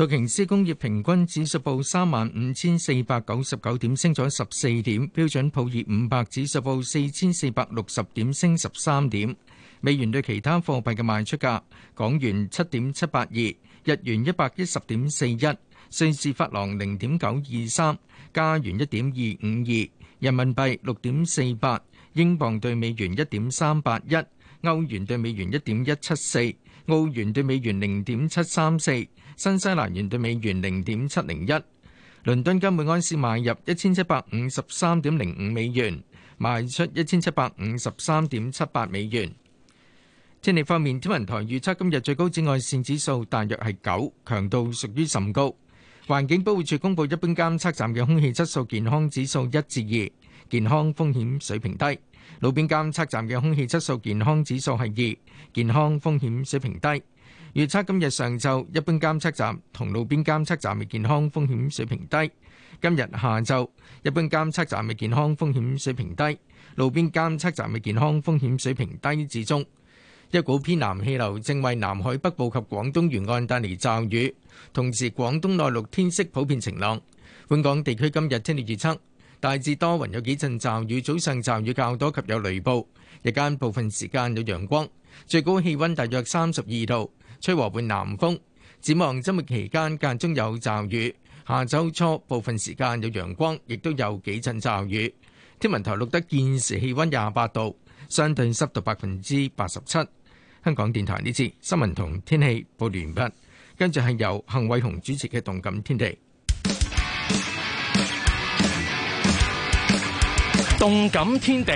道瓊斯工業平均指數報三萬五千四百九十九點，升咗十四點。標準普爾五百指數報四千四百六十點，升十三點。美元對其他貨幣嘅賣出價：港元七點七八二，日元一百一十點四一，瑞士法郎零點九二三，加元一點二五二，人民幣六點四八，英鎊對美元一點三八一，歐元對美元一點一七四，澳元對美元零點七三四。新西蘭元兌美元零點七零一，倫敦金每安士買入一千七百五十三點零五美元，賣出一千七百五十三點七八美元。天氣方面，天文台預測今日最高紫外線指數大約係九，強度屬於甚高。環境保護署公布一般監測站嘅空氣質素健康指數一至二，健康風險水平低；路邊監測站嘅空氣質素健康指數係二，健康風險水平低。預測今日上晝，一般監測站同路邊監測站嘅健康風險水平低。今日下晝，一般監測站嘅健康風險水平低，路邊監測站嘅健康風險水平低至中。一股偏南氣流正為南海北部及廣東沿岸帶嚟驟雨，同時廣東內陸天色普遍晴朗。本港地區今日天氣預測大致多雲，有幾陣驟雨，早上驟雨較多及有雷暴，日間部分時間有陽光，最高氣温大約三十二度。吹和緩南風，展望周末期間間中有驟雨，下周初部分時間有陽光，亦都有幾陣驟雨。天文台錄得現時氣溫廿八度，相對濕度百分之八十七。香港電台呢次新聞同天氣報道完畢，跟住係由幸偉雄主持嘅《動感天地》。《動感天地》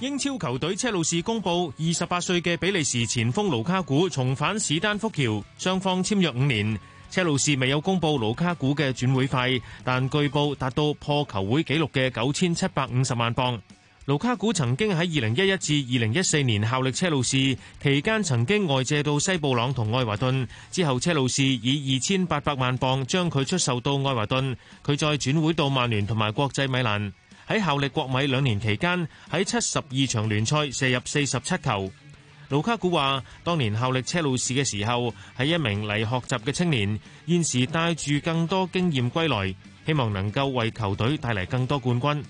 英超球隊車路士公布，二十八歲嘅比利時前鋒盧卡古重返史丹福橋，雙方簽約五年。車路士未有公布盧卡古嘅轉會費，但據報達到破球會紀錄嘅九千七百五十萬磅。盧卡古曾經喺二零一一至二零一四年效力車路士，期間曾經外借到西布朗同愛華頓，之後車路士以二千八百萬鎊將佢出售到愛華頓，佢再轉會到曼聯同埋國際米蘭。喺效力國米兩年期間，喺七十二場聯賽射入四十七球。盧卡古話：當年效力車路士嘅時候，係一名嚟學習嘅青年，現時帶住更多經驗歸來，希望能夠為球隊帶嚟更多冠軍。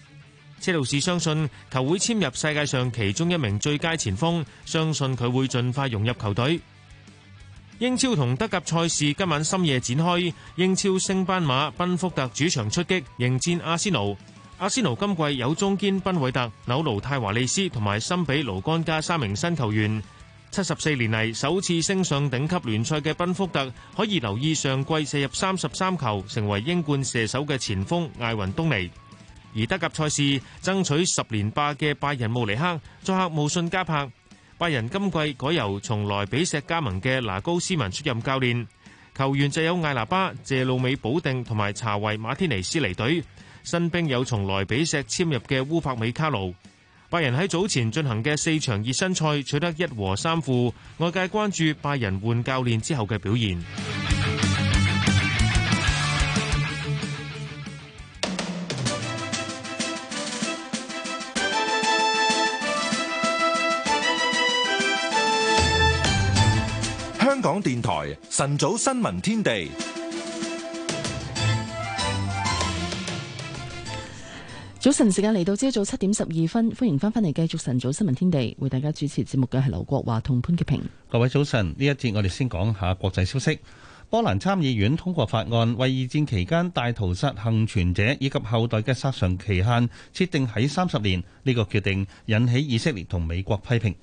車路士相信球會簽入世界上其中一名最佳前鋒，相信佢會盡快融入球隊。英超同德甲賽事今晚深夜展開，英超升班馬賓福特主場出擊，迎戰阿仙奴。阿仙奴今季有中堅賓韋特、紐奴泰華利斯同埋森比盧干加三名新球員，七十四年嚟首次升上頂級聯賽嘅賓福特可以留意上季射入三十三球，成為英冠射手嘅前鋒艾雲東尼。而德甲賽事爭取十連霸嘅拜仁慕尼黑作客慕遜加柏，拜仁今季改由從萊比錫加盟嘅拿高斯文出任教練，球員就有艾拿巴、謝魯美保定同埋查維馬天尼斯離隊。新兵有從萊比錫簽入嘅烏柏美卡魯，拜仁喺早前進行嘅四場熱身賽取得一和三負。外界關注拜仁換教練之後嘅表現。香港電台晨早新聞天地。早晨，時間嚟到朝早七點十二分，歡迎翻返嚟繼續晨早新聞天地，為大家主持節目嘅係劉國華同潘潔平。各位早晨，呢一節我哋先講下國際消息。波蘭參議院通過法案，為二戰期間大屠殺幸存者以及後代嘅索償期限設定喺三十年。呢、這個決定引起以色列同美國批評。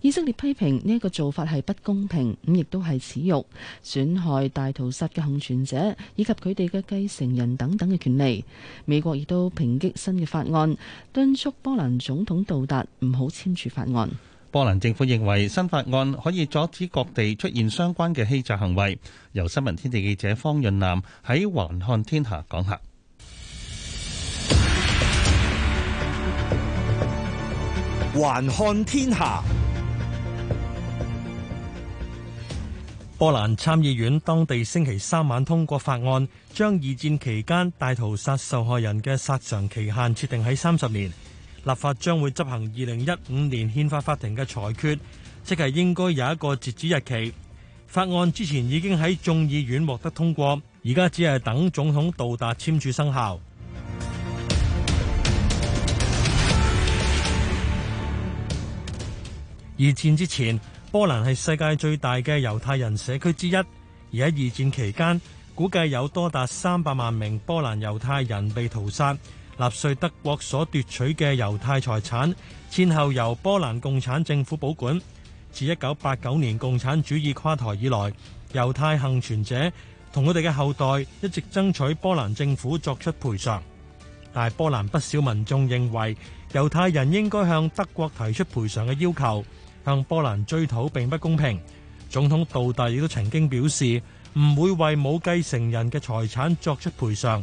以色列批評呢個做法係不公平，咁亦都係恥辱，損害大屠殺嘅幸存者以及佢哋嘅繼承人等等嘅權利。美國亦都抨擊新嘅法案，敦促波蘭總統杜達唔好簽署法案。波蘭政府認為，新法案可以阻止各地出現相關嘅欺詐行為。由新聞天地記者方潤南喺《環看天下》講下，《環看天下》波蘭參議院當地星期三晚通過法案，將二戰期間大屠殺受害人嘅殺償期限設定喺三十年。立法將會執行二零一五年憲法法庭嘅裁決，即係應該有一個截止日期。法案之前已經喺眾議院獲得通過，而家只係等總統到達簽署生效。 二戰之前，波蘭係世界最大嘅猶太人社區之一，而喺二戰期間，估計有多達三百萬名波蘭猶太人被屠殺。納粹德國所奪取嘅猶太財產，先後由波蘭共產政府保管。自一九八九年共產主義垮台以來，猶太幸存者同佢哋嘅後代一直爭取波蘭政府作出賠償。但係波蘭不少民眾認為猶太人應該向德國提出賠償嘅要求，向波蘭追討並不公平。總統杜達亦都曾經表示唔會為冇繼承人嘅財產作出賠償。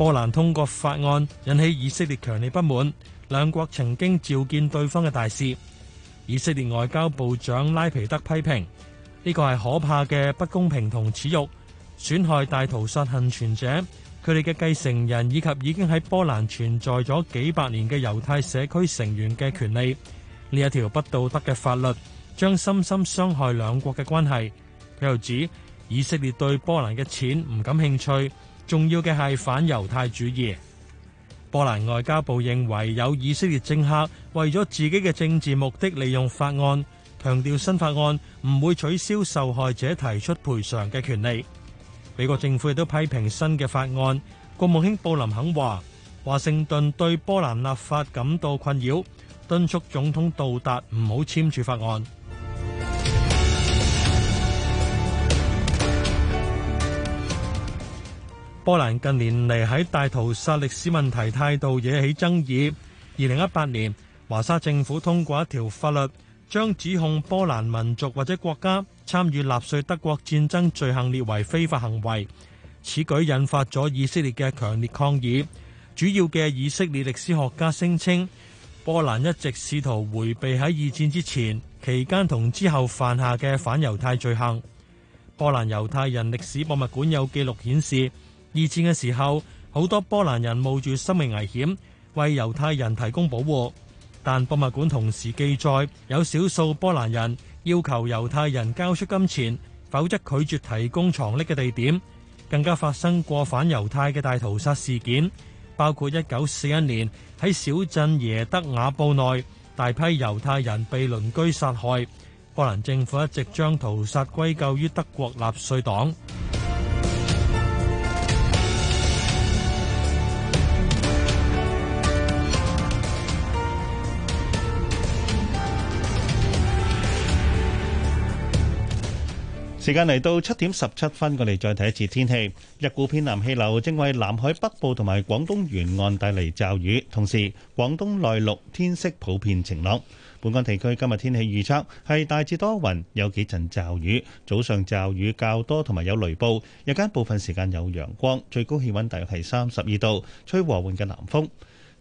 波蘭通過法案引起以色列強烈不滿，兩國曾經召見對方嘅大使。以色列外交部長拉皮德批評呢個係可怕嘅不公平同恥辱，損害大屠殺幸存者、佢哋嘅繼承人以及已經喺波蘭存在咗幾百年嘅猶太社區成員嘅權利。呢一條不道德嘅法律將深深傷害兩國嘅關係。佢又指以色列對波蘭嘅錢唔感興趣。重要嘅係反猶太主義。波蘭外交部認為有以色列政客為咗自己嘅政治目的利用法案，強調新法案唔會取消受害者提出賠償嘅權利。美國政府亦都批評新嘅法案。國務卿布林肯話華盛頓對波蘭立法感到困擾，敦促總統杜達唔好簽署法案。波蘭近年嚟喺大屠殺歷史問題態度惹起爭議。二零一八年，華沙政府通過一條法律，將指控波蘭民族或者國家參與納粹德國戰爭罪行列為非法行為，此舉引發咗以色列嘅強烈抗議。主要嘅以色列歷史學家聲稱波蘭一直試圖回避喺二戰之前、期間同之後犯下嘅反猶太罪行。波蘭猶太人歷史博物館有記錄顯示。二戰嘅時候，好多波蘭人冒住生命危險為猶太人提供保護，但博物館同時記載有少數波蘭人要求猶太人交出金錢，否則拒絕提供藏匿嘅地點，更加發生過反猶太嘅大屠殺事件，包括一九四一年喺小鎮耶德瓦布內大批猶太人被鄰居殺害。波蘭政府一直將屠殺歸咎於德國納粹黨。時間嚟到七點十七分，我哋再睇一次天氣。一股偏南氣流正為南海北部同埋廣東沿岸帶嚟驟雨，同時廣東內陸天色普遍晴朗。本港地區今日天氣預測係大致多雲，有幾陣驟雨，早上驟雨較多同埋有雷暴，日間部分時間有陽光，最高氣溫大約係三十二度，吹和緩嘅南風。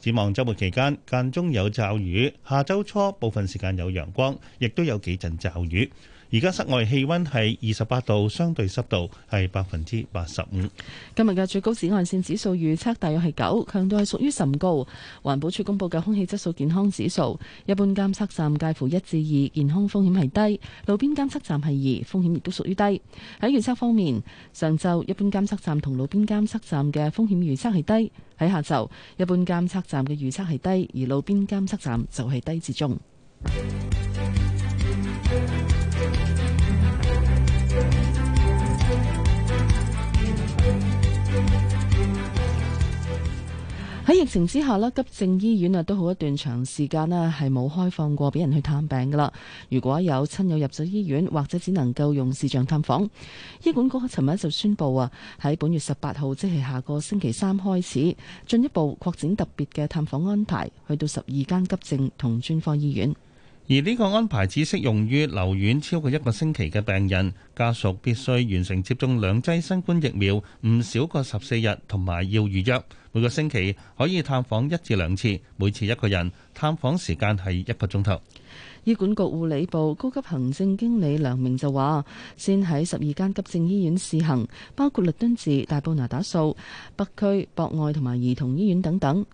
展望周末期間間中有驟雨，下周初部分時間有陽光，亦都有幾陣驟雨。而家室外氣溫係二十八度，相對濕度係百分之八十五。今日嘅最高紫外線指數預測大約係九，強度係屬於甚高。環保署公布嘅空氣質素健康指數，一般監測站介乎一至二，健康風險係低；路邊監測站係二，風險亦都屬於低。喺預測方面，上晝一般監測站同路邊監測站嘅風險預測係低；喺下晝，一般監測站嘅預測係低，而路邊監測站就係低至中。喺疫情之下咧，急症醫院啊都好一段長時間咧係冇開放過俾人去探病噶啦。如果有親友入咗醫院，或者只能夠用視像探訪。醫管局尋日就宣布啊，喺本月十八號，即係下個星期三開始，進一步擴展特別嘅探訪安排，去到十二間急症同專科醫院。而呢個安排只適用於留院超過一個星期嘅病人，家屬必須完成接種兩劑新冠疫苗，唔少過十四日，同埋要預約。每個星期可以探訪一至兩次，每次一個人，探訪時間係一個鐘頭。醫管局護理部高級行政經理梁明就話，先喺十二間急症醫院試行，包括律敦治、大埔那打素、北區博愛同埋兒童醫院等等。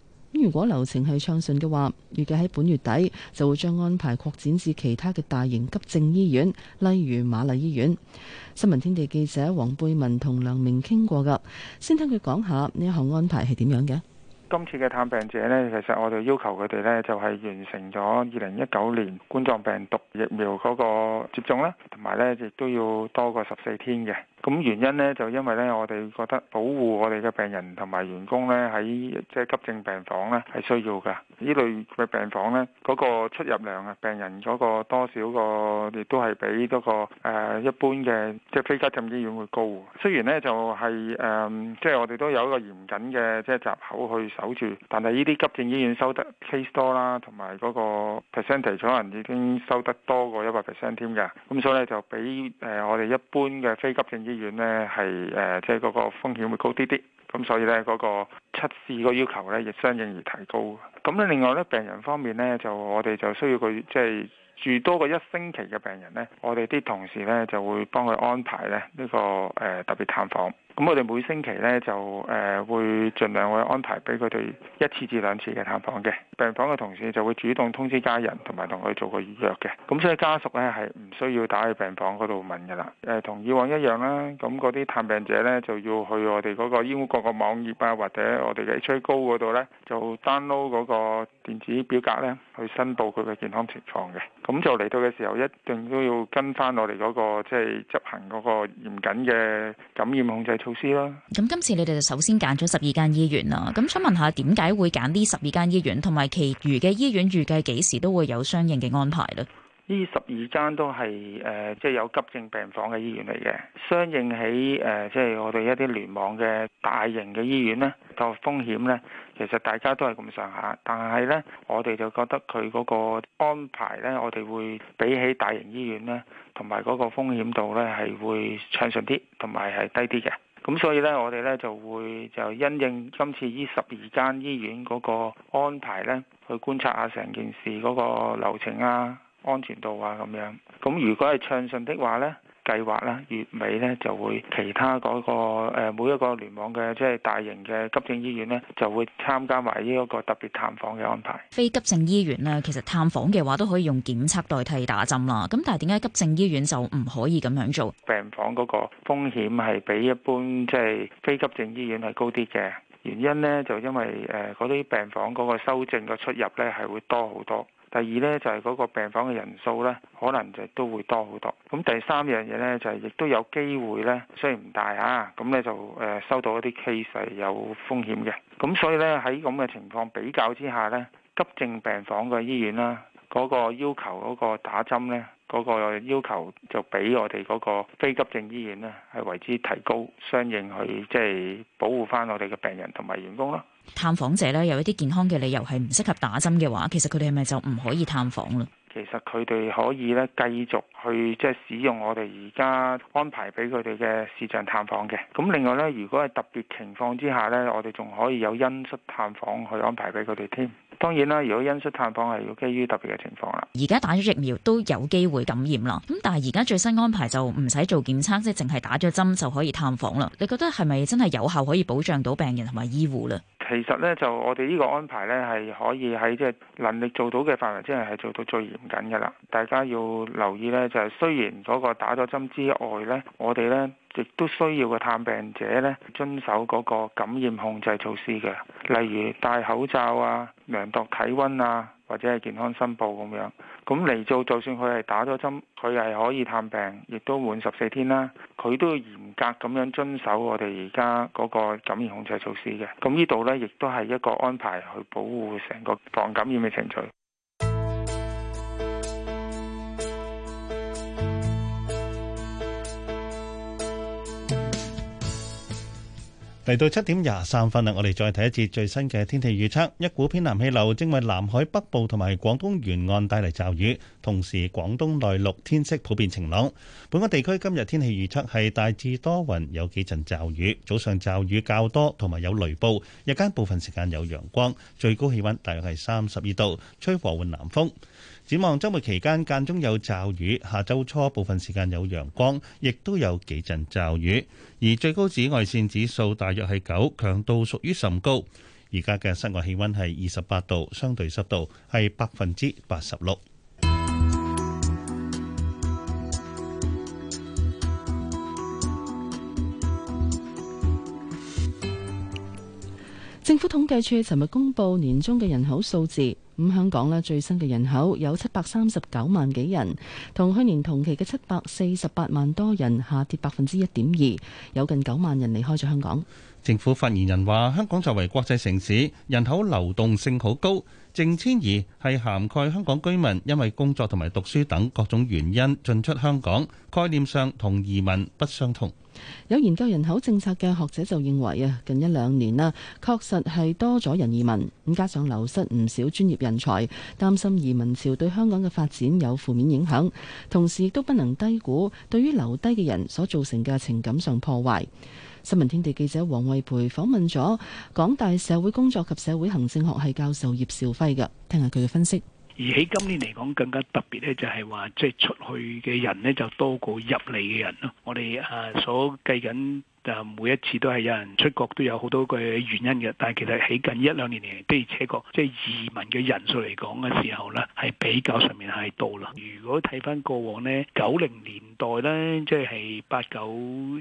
如果流程係暢順嘅話，預計喺本月底就會將安排擴展至其他嘅大型急症醫院，例如瑪麗醫院。新聞天地記者黃貝文同梁明傾過噶，先聽佢講下呢一項安排係點樣嘅。今次嘅探病者咧，其實我哋要求佢哋咧就係完成咗二零一九年冠狀病毒疫苗嗰個接種啦，同埋咧亦都要多過十四天嘅。咁原因咧就因為咧，我哋覺得保護我哋嘅病人同埋員工咧，喺即係急症病房咧係需要嘅。呢類嘅病房咧，嗰個出入量啊，病人嗰個多少個亦都係比嗰個誒一般嘅即係非急症醫院會高。雖然咧就係誒，即係我哋都有一個嚴謹嘅即係閘口去守住，但係呢啲急症醫院收得 case 多啦，同埋嗰個 percentage 可能已經收得多過一百 percent 添嘅。咁所以咧就比誒我哋一般嘅非急症醫醫院呢係誒，即係嗰個風險會高啲啲，咁所以呢，嗰個測試個要求呢亦相應而提高。咁呢另外呢，病人方面呢，就我哋就需要佢即係住多個一星期嘅病人呢，我哋啲同事呢就會幫佢安排呢呢個誒特別探訪。咁我哋每星期呢就誒、呃、會盡量會安排俾佢哋一次至兩次嘅探訪嘅，病房嘅同事就會主動通知家人同埋同佢做個預約嘅。咁所以家屬呢係唔需要打去病房嗰度問噶啦。誒、呃、同以往一樣啦，咁嗰啲探病者呢就要去我哋嗰個醫管局個網頁啊，或者我哋嘅 HA Go 嗰度呢就 download 嗰個電子表格呢去申報佢嘅健康情況嘅。咁就嚟到嘅時候一定都要跟翻我哋嗰、那個即係執行嗰個嚴謹嘅感染控制。措施啦。咁今次你哋就首先揀咗十二間醫院啦。咁想問下，點解會揀呢十二間醫院？同埋其餘嘅醫院預計幾時都會有相應嘅安排呢？呢十二間都係誒，即係有急症病房嘅醫院嚟嘅。相應喺誒，即係我哋一啲聯網嘅大型嘅醫院呢，個風險呢，其實大家都係咁上下。但係呢，我哋就覺得佢嗰個安排呢，我哋會比起大型醫院呢，同埋嗰個風險度呢，係會暢順啲，同埋係低啲嘅。咁所以咧，我哋咧就會就因應今次呢十二間醫院嗰個安排咧，去觀察下成件事嗰個流程啊、安全度啊咁樣。咁如果係暢順的話咧，計劃啦，月尾咧就會其他嗰個誒每一個聯網嘅即係大型嘅急症醫院咧，就會參加埋呢一個特別探訪嘅安排。非急症醫院咧，其實探訪嘅話都可以用檢測代替打針啦。咁但係點解急症醫院就唔可以咁樣做？病房嗰個風險係比一般即係非急症醫院係高啲嘅原因咧，就因為誒嗰啲病房嗰個收症嘅出入咧係會多好多。第二咧就係、是、嗰個病房嘅人數咧，可能就都會多好多。咁第三樣嘢咧就係、是、亦都有機會咧，雖然唔大嚇，咁、啊、咧就誒、呃、收到一啲 case 係有風險嘅。咁所以咧喺咁嘅情況比較之下咧，急症病房嘅醫院啦，嗰、那個要求嗰個打針咧，嗰、那個要求就比我哋嗰個非急症醫院咧係為之提高，相應去即係、就是、保護翻我哋嘅病人同埋員工咯。探訪者咧有一啲健康嘅理由係唔適合打針嘅話，其實佢哋係咪就唔可以探訪啦？其實佢哋可以咧繼續去即係、就是、使用我哋而家安排俾佢哋嘅視像探訪嘅。咁另外咧，如果係特別情況之下咧，我哋仲可以有恩恤探訪去安排俾佢哋添。當然啦，如果恩恤探訪係要基於特別嘅情況啦。而家打咗疫苗都有機會感染啦。咁但係而家最新安排就唔使做檢測，即係淨係打咗針就可以探訪啦。你覺得係咪真係有效可以保障到病人同埋醫護咧？其實咧，就我哋呢個安排咧，係可以喺即係能力做到嘅範圍之內係做到最嚴謹㗎啦。大家要留意咧，就係、是、雖然嗰個打咗針之外咧，我哋咧。亦都需要個探病者咧遵守嗰個感染控制措施嘅，例如戴口罩啊、量度體溫啊，或者係健康申報咁樣。咁嚟做，就算佢係打咗針，佢係可以探病，亦都滿十四天啦。佢都要嚴格咁樣遵守我哋而家嗰個感染控制措施嘅。咁呢度咧，亦都係一個安排去保護成個防感染嘅程序。嚟到七點廿三分啦，我哋再睇一次最新嘅天氣預測。一股偏南氣流正為南海北部同埋廣東沿岸帶嚟驟雨。同時，廣東內陸天色普遍晴朗。本港地區今日天氣預測係大致多雲，有幾陣驟雨，早上驟雨較多，同埋有雷暴。日間部分時間有陽光，最高氣溫大約係三十二度，吹和緩南風。展望周末期間間中有驟雨，下周初部分時間有陽光，亦都有幾陣驟雨。而最高紫外線指數大約係九，強度屬於甚高。而家嘅室外氣溫係二十八度，相對濕度係百分之八十六。政府統計處尋日公布年中嘅人口數字，咁香港呢最新嘅人口有七百三十九萬幾人，同去年同期嘅七百四十八萬多人下跌百分之一點二，有近九萬人離開咗香港。政府發言人話：香港作為國際城市，人口流動性好高。淨遷移係涵蓋香港居民因為工作同埋讀書等各種原因進出香港，概念上同移民不相同。有研究人口政策嘅學者就認為啊，近一兩年啦，確實係多咗人移民，咁加上流失唔少專業人才，擔心移民潮對香港嘅發展有負面影響，同時亦都不能低估對於留低嘅人所造成嘅情感上破壞。新聞天地記者黃慧培訪問咗港大社會工作及社會行政學系教授葉兆輝嘅，聽下佢嘅分析。而喺今年嚟講更加特別呢，就係話即係出去嘅人呢，就多過入嚟嘅人咯。我哋誒所計緊。就每一次都係有人出國，都有好多嘅原因嘅。但係其實喺近一兩年嚟，的而且確即係移民嘅人數嚟講嘅時候呢，係比較上面係多啦。如果睇返過往呢，九零年代呢，即係八九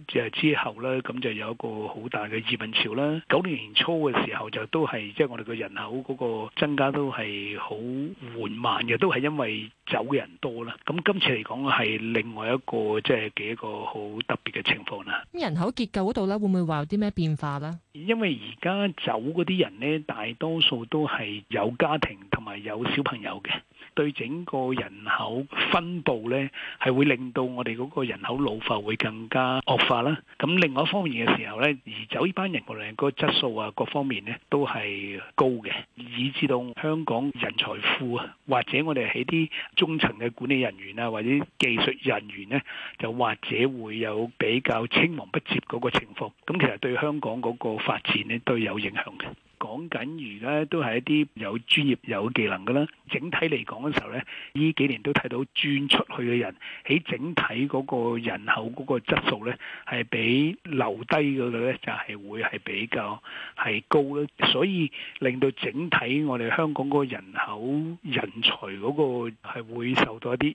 就之後呢，咁就有一個好大嘅移民潮啦。九零年初嘅時候就都係即係我哋嘅人口嗰個增加都係好緩慢嘅，都係因為走嘅人多啦。咁今次嚟講係另外一個即係嘅一個好特別嘅情況啦。人口結舊度咧，會唔會話有啲咩變化咧？因為而家走嗰啲人咧，大多數都係有家庭同埋有小朋友嘅。對整個人口分佈呢，係會令到我哋嗰個人口老化會更加惡化啦。咁另外一方面嘅時候呢，而走呢班人無論個質素啊，各方面呢都係高嘅，以至到香港人才庫啊，或者我哋喺啲中層嘅管理人員啊，或者技術人員呢，就或者會有比較青黃不接嗰個情況。咁其實對香港嗰個發展呢，都有影響嘅。講緊而家都係一啲有專業有技能噶啦，整體嚟講嘅時候呢，呢幾年都睇到轉出去嘅人喺整體嗰個人口嗰個質素呢，係比留低嗰度呢，就係會係比較係高咯，所以令到整體我哋香港嗰個人口人才嗰個係會受到一啲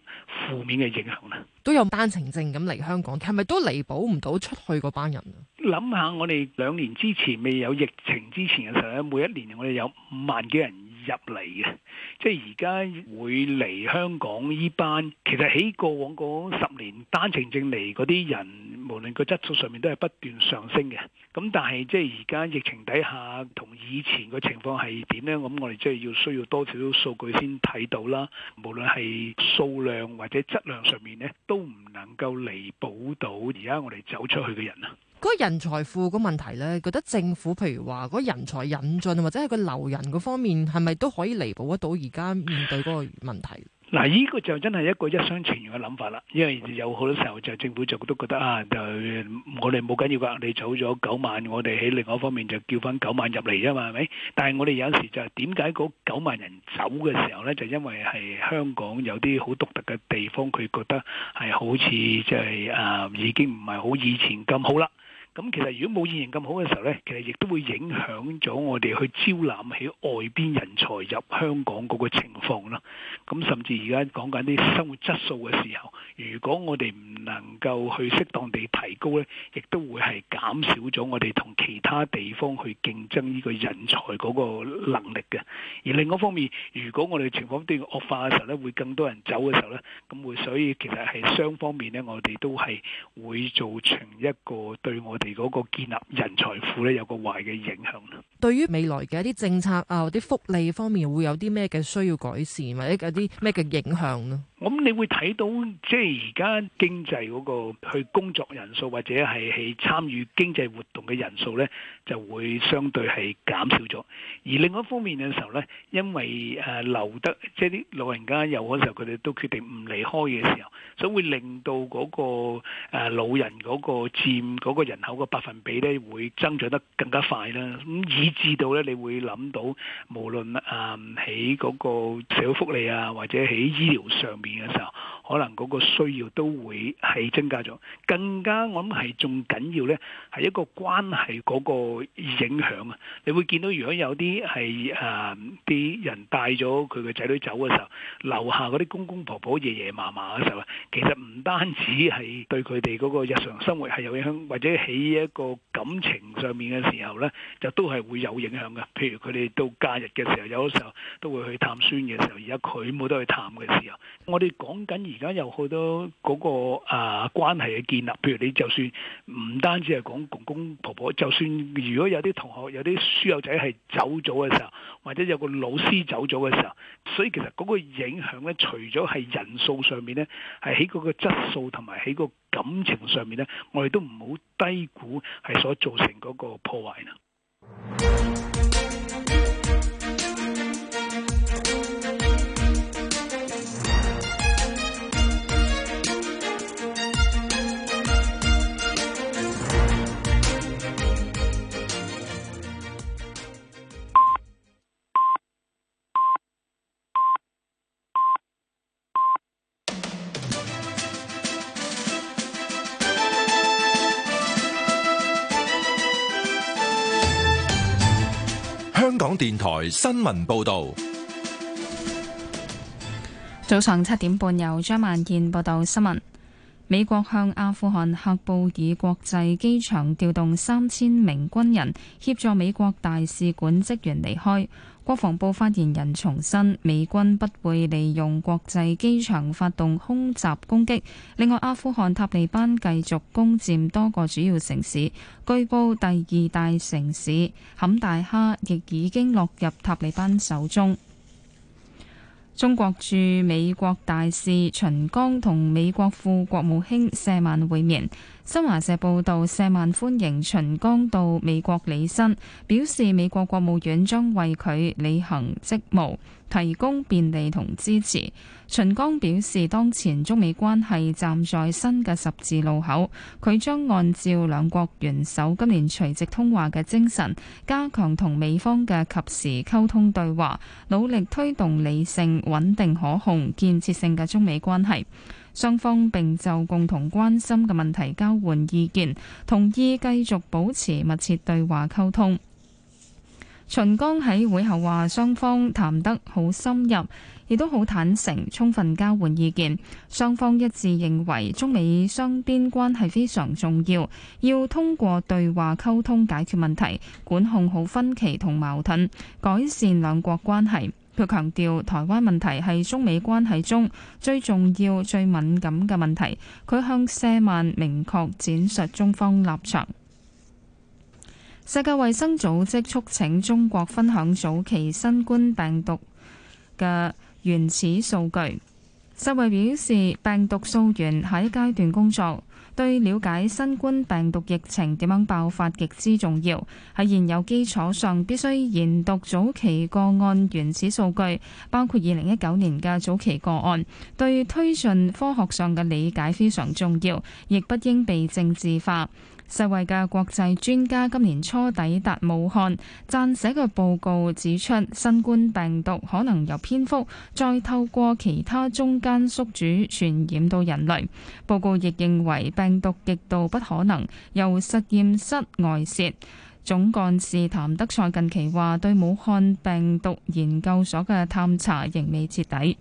負面嘅影響咧。都有單程證咁嚟香港，係咪都彌補唔到出去嗰班人？諗下，我哋兩年之前未有疫情之前嘅時候咧，每一年我哋有五萬幾人入嚟嘅，即係而家會嚟香港呢班，其實喺過往嗰十年單程證嚟嗰啲人，無論個質素上面都係不斷上升嘅。咁但係即係而家疫情底下同以前個情況係點呢？咁我哋即係要需要多少數據先睇到啦？無論係數量或者質量上面呢，都唔能夠彌補到而家我哋走出去嘅人啊！嗰人才庫個問題呢，覺得政府譬如話嗰人才引進或者係個留人個方面，係咪都可以彌補得到而家面對嗰個問題？嗱，呢個就真係一個一廂情願嘅諗法啦。因為有好多時候就政府就都覺得啊，就我哋冇緊要㗎，你走咗九萬，我哋喺另外一方面就叫翻九萬入嚟啫嘛，係咪？但係我哋有時就點解嗰九萬人走嘅時候呢，就因為係香港有啲好獨特嘅地方，佢覺得係好似即係啊，已經唔係好以前咁好啦。咁其實如果冇現形咁好嘅時候咧，其實亦都會影響咗我哋去招攬起外邊人才入香港嗰個情況啦。咁甚至而家講緊啲生活質素嘅時候，如果我哋唔能夠去適當地提高咧，亦都會係減少咗我哋同其他地方去競爭呢個人才嗰個能力嘅。而另一方面，如果我哋情況都要惡化嘅時候咧，會更多人走嘅時候咧，咁會所以其實係雙方面咧，我哋都係會造成一個對我哋。嗰個建立人財富咧，有個壞嘅影響咯。對於未來嘅一啲政策啊，或者啲福利方面，會有啲咩嘅需要改善，或者有啲咩嘅影響咧？咁、嗯、你會睇到，即係而家經濟嗰、嗰個去工作人數，或者係係參與經濟活動嘅人數咧，就會相對係減少咗。而另一方面嘅時候咧，因為誒、呃、留得即係啲老人家有嗰時候，佢哋都決定唔離開嘅時候，所以會令到嗰、嗰個、呃、老人嗰個佔嗰個人有個百分比咧會增長得更加快啦，咁以致到咧你會諗到，無論誒喺嗰個社會福利啊，或者喺醫療上面嘅時候，可能嗰個需要都會係增加咗。更加我諗係仲緊要咧，係一個關係嗰個影響啊。你會見到如果有啲係誒啲人帶咗佢嘅仔女走嘅時候，留下嗰啲公公婆婆、爺爺嫲嫲嘅時候，其實唔單止係對佢哋嗰個日常生活係有影響，或者係。喺一個感情上面嘅時候咧，就都係會有影響嘅。譬如佢哋到假日嘅時候，有時候都會去探孫嘅時候，而家佢冇得去探嘅時候。我哋講緊而家有好多嗰個呃關係嘅建立。譬如你就算唔單止係講公公婆婆，就算如果有啲同學有啲書友仔係走咗嘅時候，或者有個老師走咗嘅時候，所以其實嗰個影響咧，除咗係人數上面咧，係喺嗰個質素同埋喺個感情上面咧，我哋都唔好低。股係所造成嗰個破壞啦。 香港電台新聞報道，早上七點半由張萬健報道新聞。美國向阿富汗喀布爾國際機場調動三千名軍人，協助美國大使館職員離開。國防部發言人重申，美軍不會利用國際機場發動空襲攻擊。另外，阿富汗塔利班繼續攻佔多個主要城市，據報第二大城市坎大哈亦已經落入塔利班手中。中國駐美國大使秦剛同美國副國務卿謝曼會面。新華社報道，舍曼歡迎秦剛到美國履新，表示，美國國務院將為佢履行職務提供便利同支持。秦剛表示，當前中美關係站在新嘅十字路口，佢將按照兩國元首今年除夕通話嘅精神，加強同美方嘅及時溝通對話，努力推動理性、穩定、可控、建設性嘅中美關係。雙方並就共同關心嘅問題交換意見，同意繼續保持密切對話溝通。秦剛喺會後話：雙方談得好深入，亦都好坦誠，充分交換意見。雙方一致認為中美雙邊關係非常重要，要通過對話溝通解決問題，管控好分歧同矛盾，改善兩國關係。佢強調台灣問題係中美關係中最重要、最敏感嘅問題。佢向舍曼明確展述中方立場。世界衛生組織促請中國分享早期新冠病毒嘅原始數據。世衛表示病毒溯源下一階段工作，對了解新冠病毒疫情點樣爆發極之重要，喺現有基礎上必須研讀早期個案原始數據，包括二零一九年嘅早期個案，對推進科學上嘅理解非常重要，亦不應被政治化。世衛嘅國際專家今年初抵達武漢，撰寫嘅報告指出，新冠病毒可能由蝙蝠再透過其他中間宿主傳染到人類。報告亦認為病毒極度不可能由實驗室外洩。總幹事譚德塞近期話，對武漢病毒研究所嘅探查仍未徹底。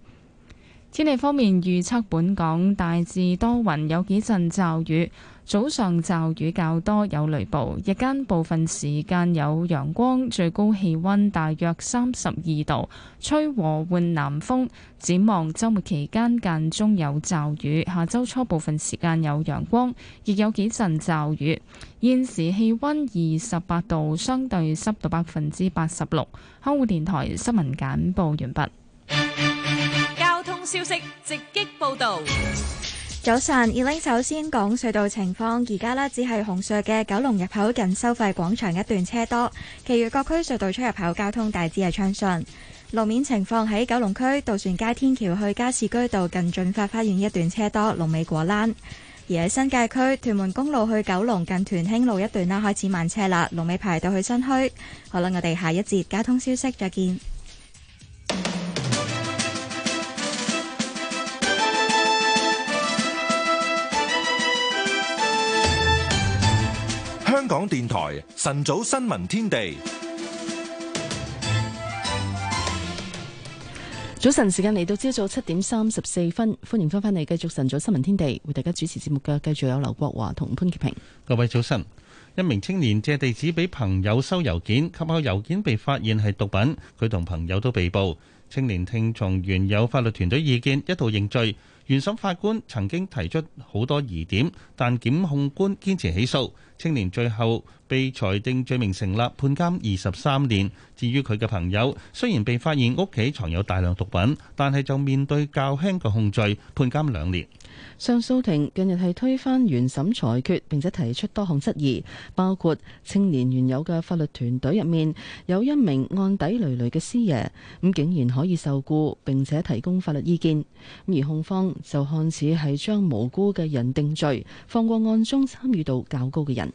天氣方面，預測本港大致多雲，有幾陣驟雨。早上驟雨較多，有雷暴；日間部分時間有陽光，最高氣溫大約三十二度，吹和緩南風，展望周末期間間中有驟雨，下周初部分時間有陽光，亦有幾陣驟雨。現時氣溫二十八度，相對濕度百分之八十六。香港電台新聞簡報完畢，交通消息直擊報道。Yes. 早晨，二零首先講隧道情況，而家咧只係紅隧嘅九龍入口近收費廣場一段車多，其餘各區隧道出入口交通大致係暢順。路面情況喺九龍區渡船街天橋去加士居道近駿發花園一段車多，龍尾果欄，而喺新界區屯門公路去九龍近屯興路一段啦，開始慢車啦，龍尾排到去新墟。好啦，我哋下一節交通消息，再見。香港電台晨早新聞天地，早晨時間嚟到,朝早七點三十四分，歡迎翻返嚟繼續晨早新聞天地，為大家主持節目嘅繼續有劉國華同潘潔平。各位早晨！一名青年借地址俾朋友收郵件，吸口郵件被發現係毒品，佢同朋友都被捕。青年聽從原有法律團隊意見，一度認罪。原審法官曾經提出好多疑點，但檢控官堅持起訴，青年最後被裁定罪名成立，判監二十三年。至於佢嘅朋友，雖然被發現屋企藏有大量毒品，但係就面對較輕嘅控罪，判監兩年。上訴庭近日係推翻原審裁決，並且提出多項質疑，包括青年原有嘅法律團隊入面有一名案底累累嘅師爺，咁竟然可以受僱並且提供法律意見，而控方就看似係將無辜嘅人定罪，放過案中參與度較高嘅人。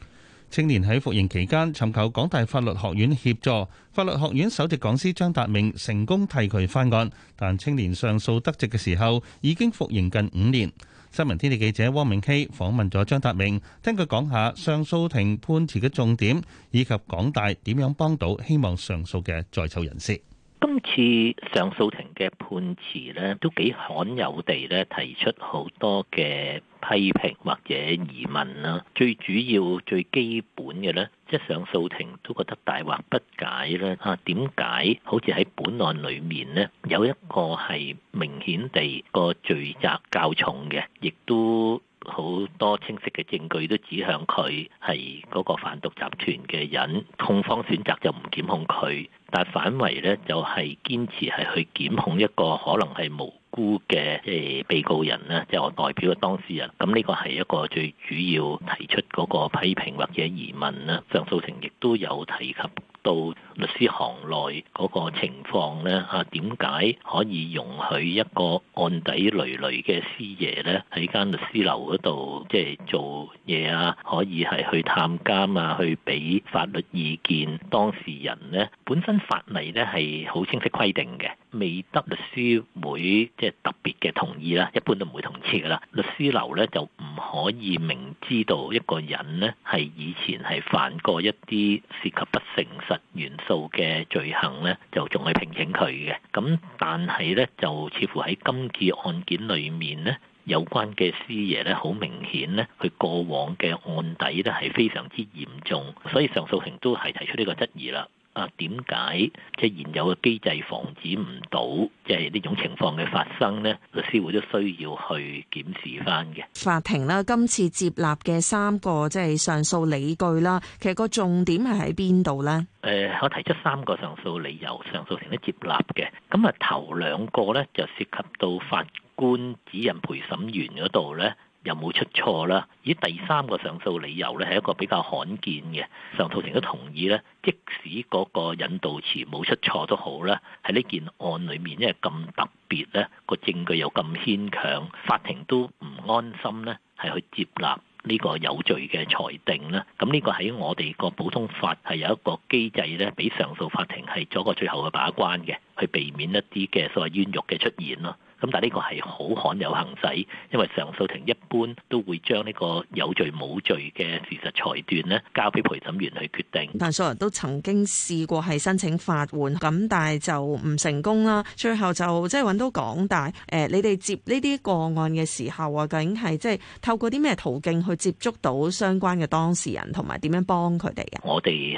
青年喺服刑期間尋求港大法律學院協助，法律學院首席講師張達明成功替佢翻案，但青年上訴得直嘅時候已經服刑近五年。新聞天地記者汪明希訪問咗張達明，聽佢講下上訴庭判詞嘅重點，以及港大點樣幫到希望上訴嘅在囚人士。今次上訴庭嘅判詞咧，都幾罕有地咧提出好多嘅批評或者疑問啦。最主要最基本嘅咧，即係上訴庭都覺得大惑不解咧。嚇，點解好似喺本案裡面咧有一個係明顯地個罪責較重嘅，亦都好多清晰嘅證據都指向佢係嗰個販毒集團嘅人，控方選擇就唔檢控佢。但反為咧，就係堅持係去檢控一個可能係無辜嘅即係被告人啦，即係我代表嘅當事人。咁呢個係一個最主要提出嗰個批評或者疑問啦。上訴庭亦都有提及。到律師行內嗰個情況咧嚇，啊、點解可以容許一個案底累累嘅師爺咧喺間律師樓嗰度即係做嘢啊？可以係去探監啊，去俾法律意見，當事人咧，本身法例咧係好清晰規定嘅，未得律師會即係特別嘅同意啦，一般都唔會同意噶啦。律師樓咧就唔可以明知道一個人咧係以前係犯過一啲涉及不誠實。元素嘅罪行咧，就仲係聘請佢嘅。咁但係咧，就似乎喺今次案件裏面咧，有關嘅師爺咧，好明顯咧，佢過往嘅案底咧係非常之嚴重，所以上訴庭都係提出呢個質疑啦。啊！點解即係現有嘅機制防止唔到即係呢種情況嘅發生呢？律師會都需要去檢視翻嘅法庭啦。今次接納嘅三個即係上訴理據啦，其實個重點係喺邊度呢？誒、呃，我提出三個上訴理由，上訴庭都接納嘅。咁、嗯、啊，頭兩個呢，就涉及到法官指引陪審員嗰度呢。又冇出錯啦，以第三個上訴理由咧，係一個比較罕見嘅上訴庭都同意咧。即使嗰個引導詞冇出錯都好啦，喺呢件案裏面，因為咁特別咧，個證據又咁牽強，法庭都唔安心咧，係去接納呢個有罪嘅裁定啦。咁呢個喺我哋個普通法係有一個機制咧，俾上訴法庭係做個最後嘅把關嘅，去避免一啲嘅所謂冤獄嘅出現咯。咁但係呢個係好罕有行使。因為上訴庭一般都會將呢個有罪冇罪嘅事實裁斷咧，交俾陪審員去決定。但所有人都曾經試過係申請法援，咁但係就唔成功啦。最後就即係揾到港大誒，你哋接呢啲個案嘅時候啊，究竟係即係透過啲咩途徑去接觸到相關嘅當事人，同埋點樣幫佢哋嘅？我哋誒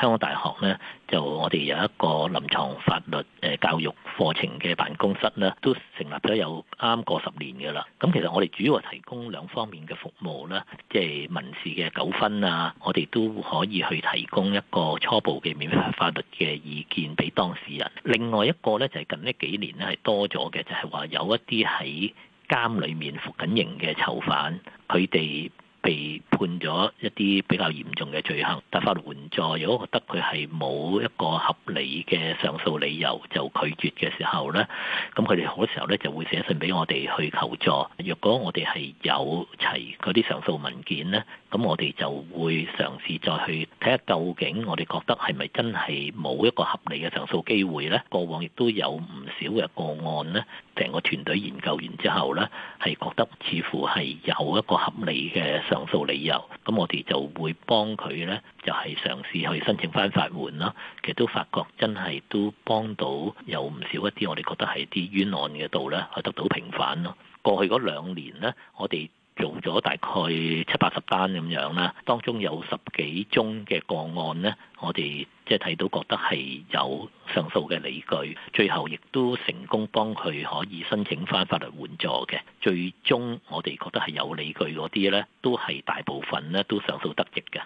香港大學咧。就我哋有一個臨床法律誒教育課程嘅辦公室咧，都成立咗有啱過十年㗎喇。咁其實我哋主要係提供兩方面嘅服務啦，即係民事嘅糾紛啊，我哋都可以去提供一個初步嘅免費法律嘅意見俾當事人。另外一個咧就係近呢幾年咧係多咗嘅，就係話有一啲喺監裏面服緊刑嘅囚犯，佢哋，被判咗一啲比較嚴重嘅罪行，但法律援助如果覺得佢係冇一個合理嘅上訴理由，就拒絕嘅時候咧，咁佢哋好多時候咧就會寫信俾我哋去求助。若果我哋係有齊嗰啲上訴文件咧，咁我哋就會嘗試再去睇下究竟我哋覺得係咪真係冇一個合理嘅上訴機會咧？過往亦都有唔少嘅個案咧。成個團隊研究完之後呢，係覺得似乎係有一個合理嘅上訴理由，咁我哋就會幫佢呢就係、是、嘗試去申請翻法援啦。其實都發覺真係都幫到有唔少一啲，我哋覺得係啲冤案嘅度呢係得到平反咯。過去嗰兩年呢，我哋，做咗大概七八十單咁樣啦，當中有十幾宗嘅個案呢，我哋即係睇到覺得係有上訴嘅理據，最後亦都成功幫佢可以申請返法律援助嘅。最終我哋覺得係有理據嗰啲呢，都係大部分呢都上訴得益嘅。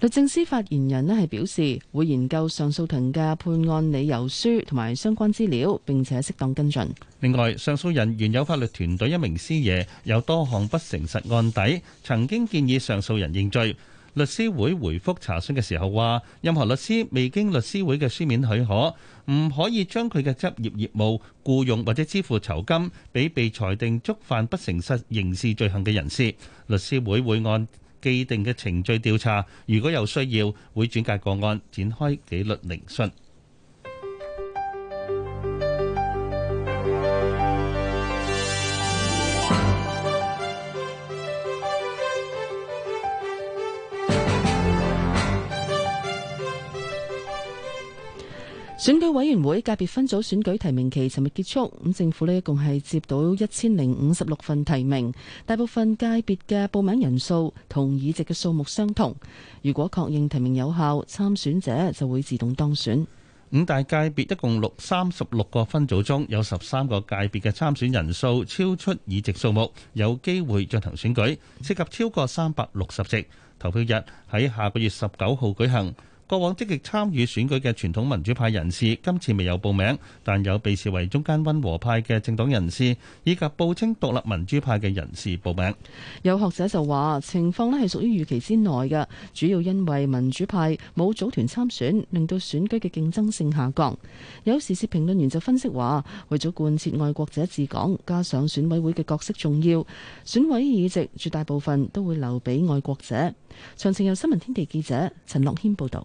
律政司發言人呢係表示，會研究上訴庭嘅判案理由書同埋相關資料，並且適當跟進。另外，上訴人原有法律團隊一名師爺有多項不誠實案底，曾經建議上訴人認罪。律師會回覆查詢嘅時候話，任何律師未經律師會嘅書面許可，唔可以將佢嘅執業業務、僱傭或者支付酬金俾被、被裁定觸犯不誠實刑事罪行嘅人士。律師會會按。既定嘅程序調查，如果有需要，會轉介個案，展開紀律聆訊。選舉委員會界別分組選舉提名期尋日結束，咁政府呢一共係接到一千零五十六份提名，大部分界別嘅報名人數同議席嘅數目相同。如果確認提名有效，參選者就會自動當選。五大界別一共有三十六個分組中，有十三個界別嘅參選人數超出議席數目，有機會進行選舉，涉及超過三百六十席。投票日喺下個月十九號舉行。過往積極參與選舉嘅傳統民主派人士今次未有報名，但有被視為中間溫和派嘅政黨人士以及報稱獨立民主派嘅人士報名。有學者就話情況呢係屬於預期之內嘅，主要因為民主派冇組團參選，令到選舉嘅競爭性下降。有時事評論員就分析話，為咗貫徹愛國者治港，加上選委會嘅角色重要，選委議席絕大部分都會留俾愛國者。詳情由新聞天地記者陳樂軒報導。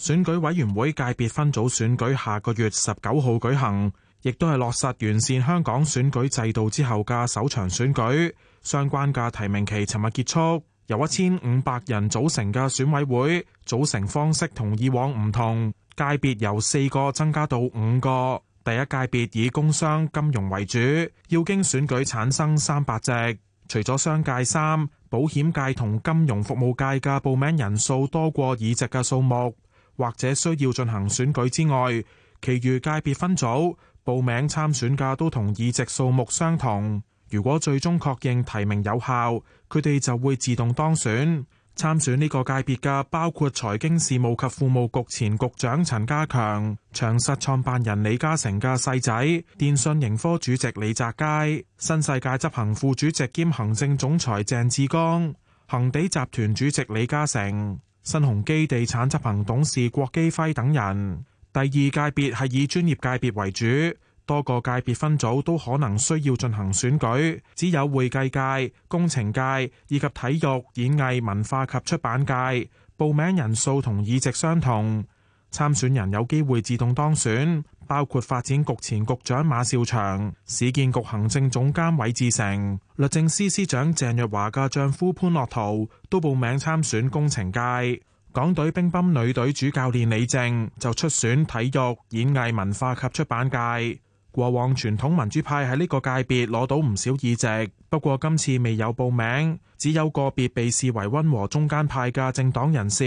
選舉委員會界別分組選舉下個月十九號舉行，亦都係落實完善香港選舉制度之後嘅首場選舉。相關嘅提名期尋日結束，由一千五百人組成嘅選委會組成方式同以往唔同，界別由四個增加到五個。第一界別以工商、金融為主，要經選舉產生三百席，除咗商界三、保險界同金融服務界嘅報名人數多過議席嘅數目。或者需要進行選舉之外，其餘界別分組報名參選嘅都同議席數目相同。如果最終確認提名有效，佢哋就會自動當選參選呢個界別嘅，包括財經事務及庫務局前局長陳家強、長實創辦人李嘉誠嘅細仔、電訊營科主席李澤楷、新世界執行副主席兼行政總裁鄭志剛、恒地集團主席李嘉誠。新鴻基地產執行董事郭基輝等人，第二界別係以專業界別為主，多個界別分組都可能需要進行選舉。只有會計界、工程界以及體育、演藝、文化及出版界報名人數同議席相同，參選人有機會自動當選。包括發展局前局長馬紹祥，祥、市建局行政總監韋志成、律政司司長鄭若驊嘅丈夫潘樂陶都報名參選工程界，港隊乒乓女隊主教練李靜就出選體育、演藝文化及出版界。過往傳統民主派喺呢個界別攞到唔少議席，不過今次未有報名，只有個別被視為溫和中間派嘅政黨人士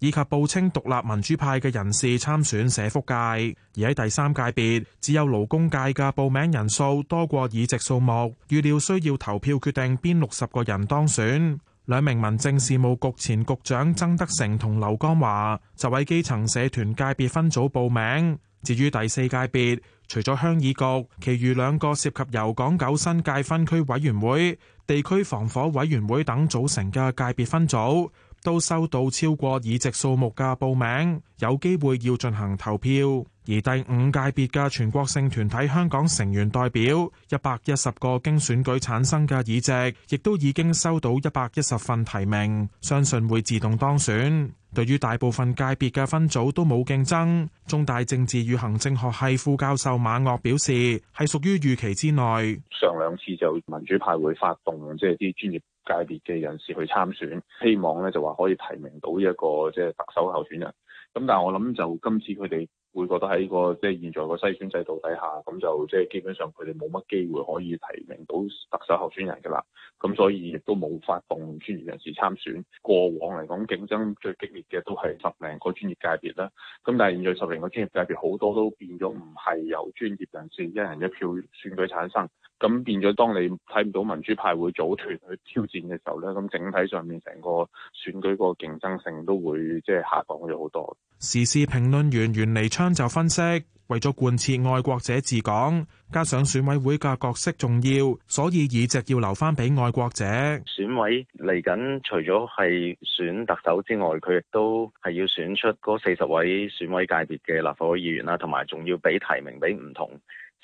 以及報稱獨立民主派嘅人士參選社福界，而喺第三界別，只有勞工界嘅報名人數多過議席數目，預料需要投票決定邊六十個人當選。兩名民政事務局前局長曾德成同劉江華就喺基層社團界別分組報名。至於第四界別，除咗鄉議局，其餘兩個涉及由港九新界分區委員會、地區防火委員會等組成嘅界別分組。都收到超過議席數目嘅報名，有機會要進行投票。而第五界別嘅全國性團體香港成員代表一百一十個經選舉產生嘅議席，亦都已經收到一百一十份提名，相信會自動當選。對於大部分界別嘅分組都冇競爭，中大政治與行政學系副教授馬岳表示，係屬於預期之內。上兩次就民主派會發動，即係啲專業。界別嘅人士去參選，希望咧就話可以提名到一個即係特首候選人。咁但係我諗就今次佢哋會覺得喺個即係現在個篩選制度底下，咁就即係基本上佢哋冇乜機會可以提名到特首候選人㗎啦。咁所以亦都冇發動專業人士參選。過往嚟講競爭最激烈嘅都係十零個專業界別啦。咁但係現在十零個專業界別好多都變咗唔係由專業人士一人一票選舉產生。咁變咗，當你睇唔到民主派會組團去挑戰嘅時候咧，咁整體上面成個選舉個競爭性都會即係下降咗好多。時事評論員袁彌昌就分析，為咗貫徹愛國者治港，加上選委會嘅角色重要，所以議席要留翻俾愛國者。選委嚟緊，除咗係選特首之外，佢亦都係要選出嗰四十位選委界別嘅立法會議員啦，同埋仲要俾提名俾唔同。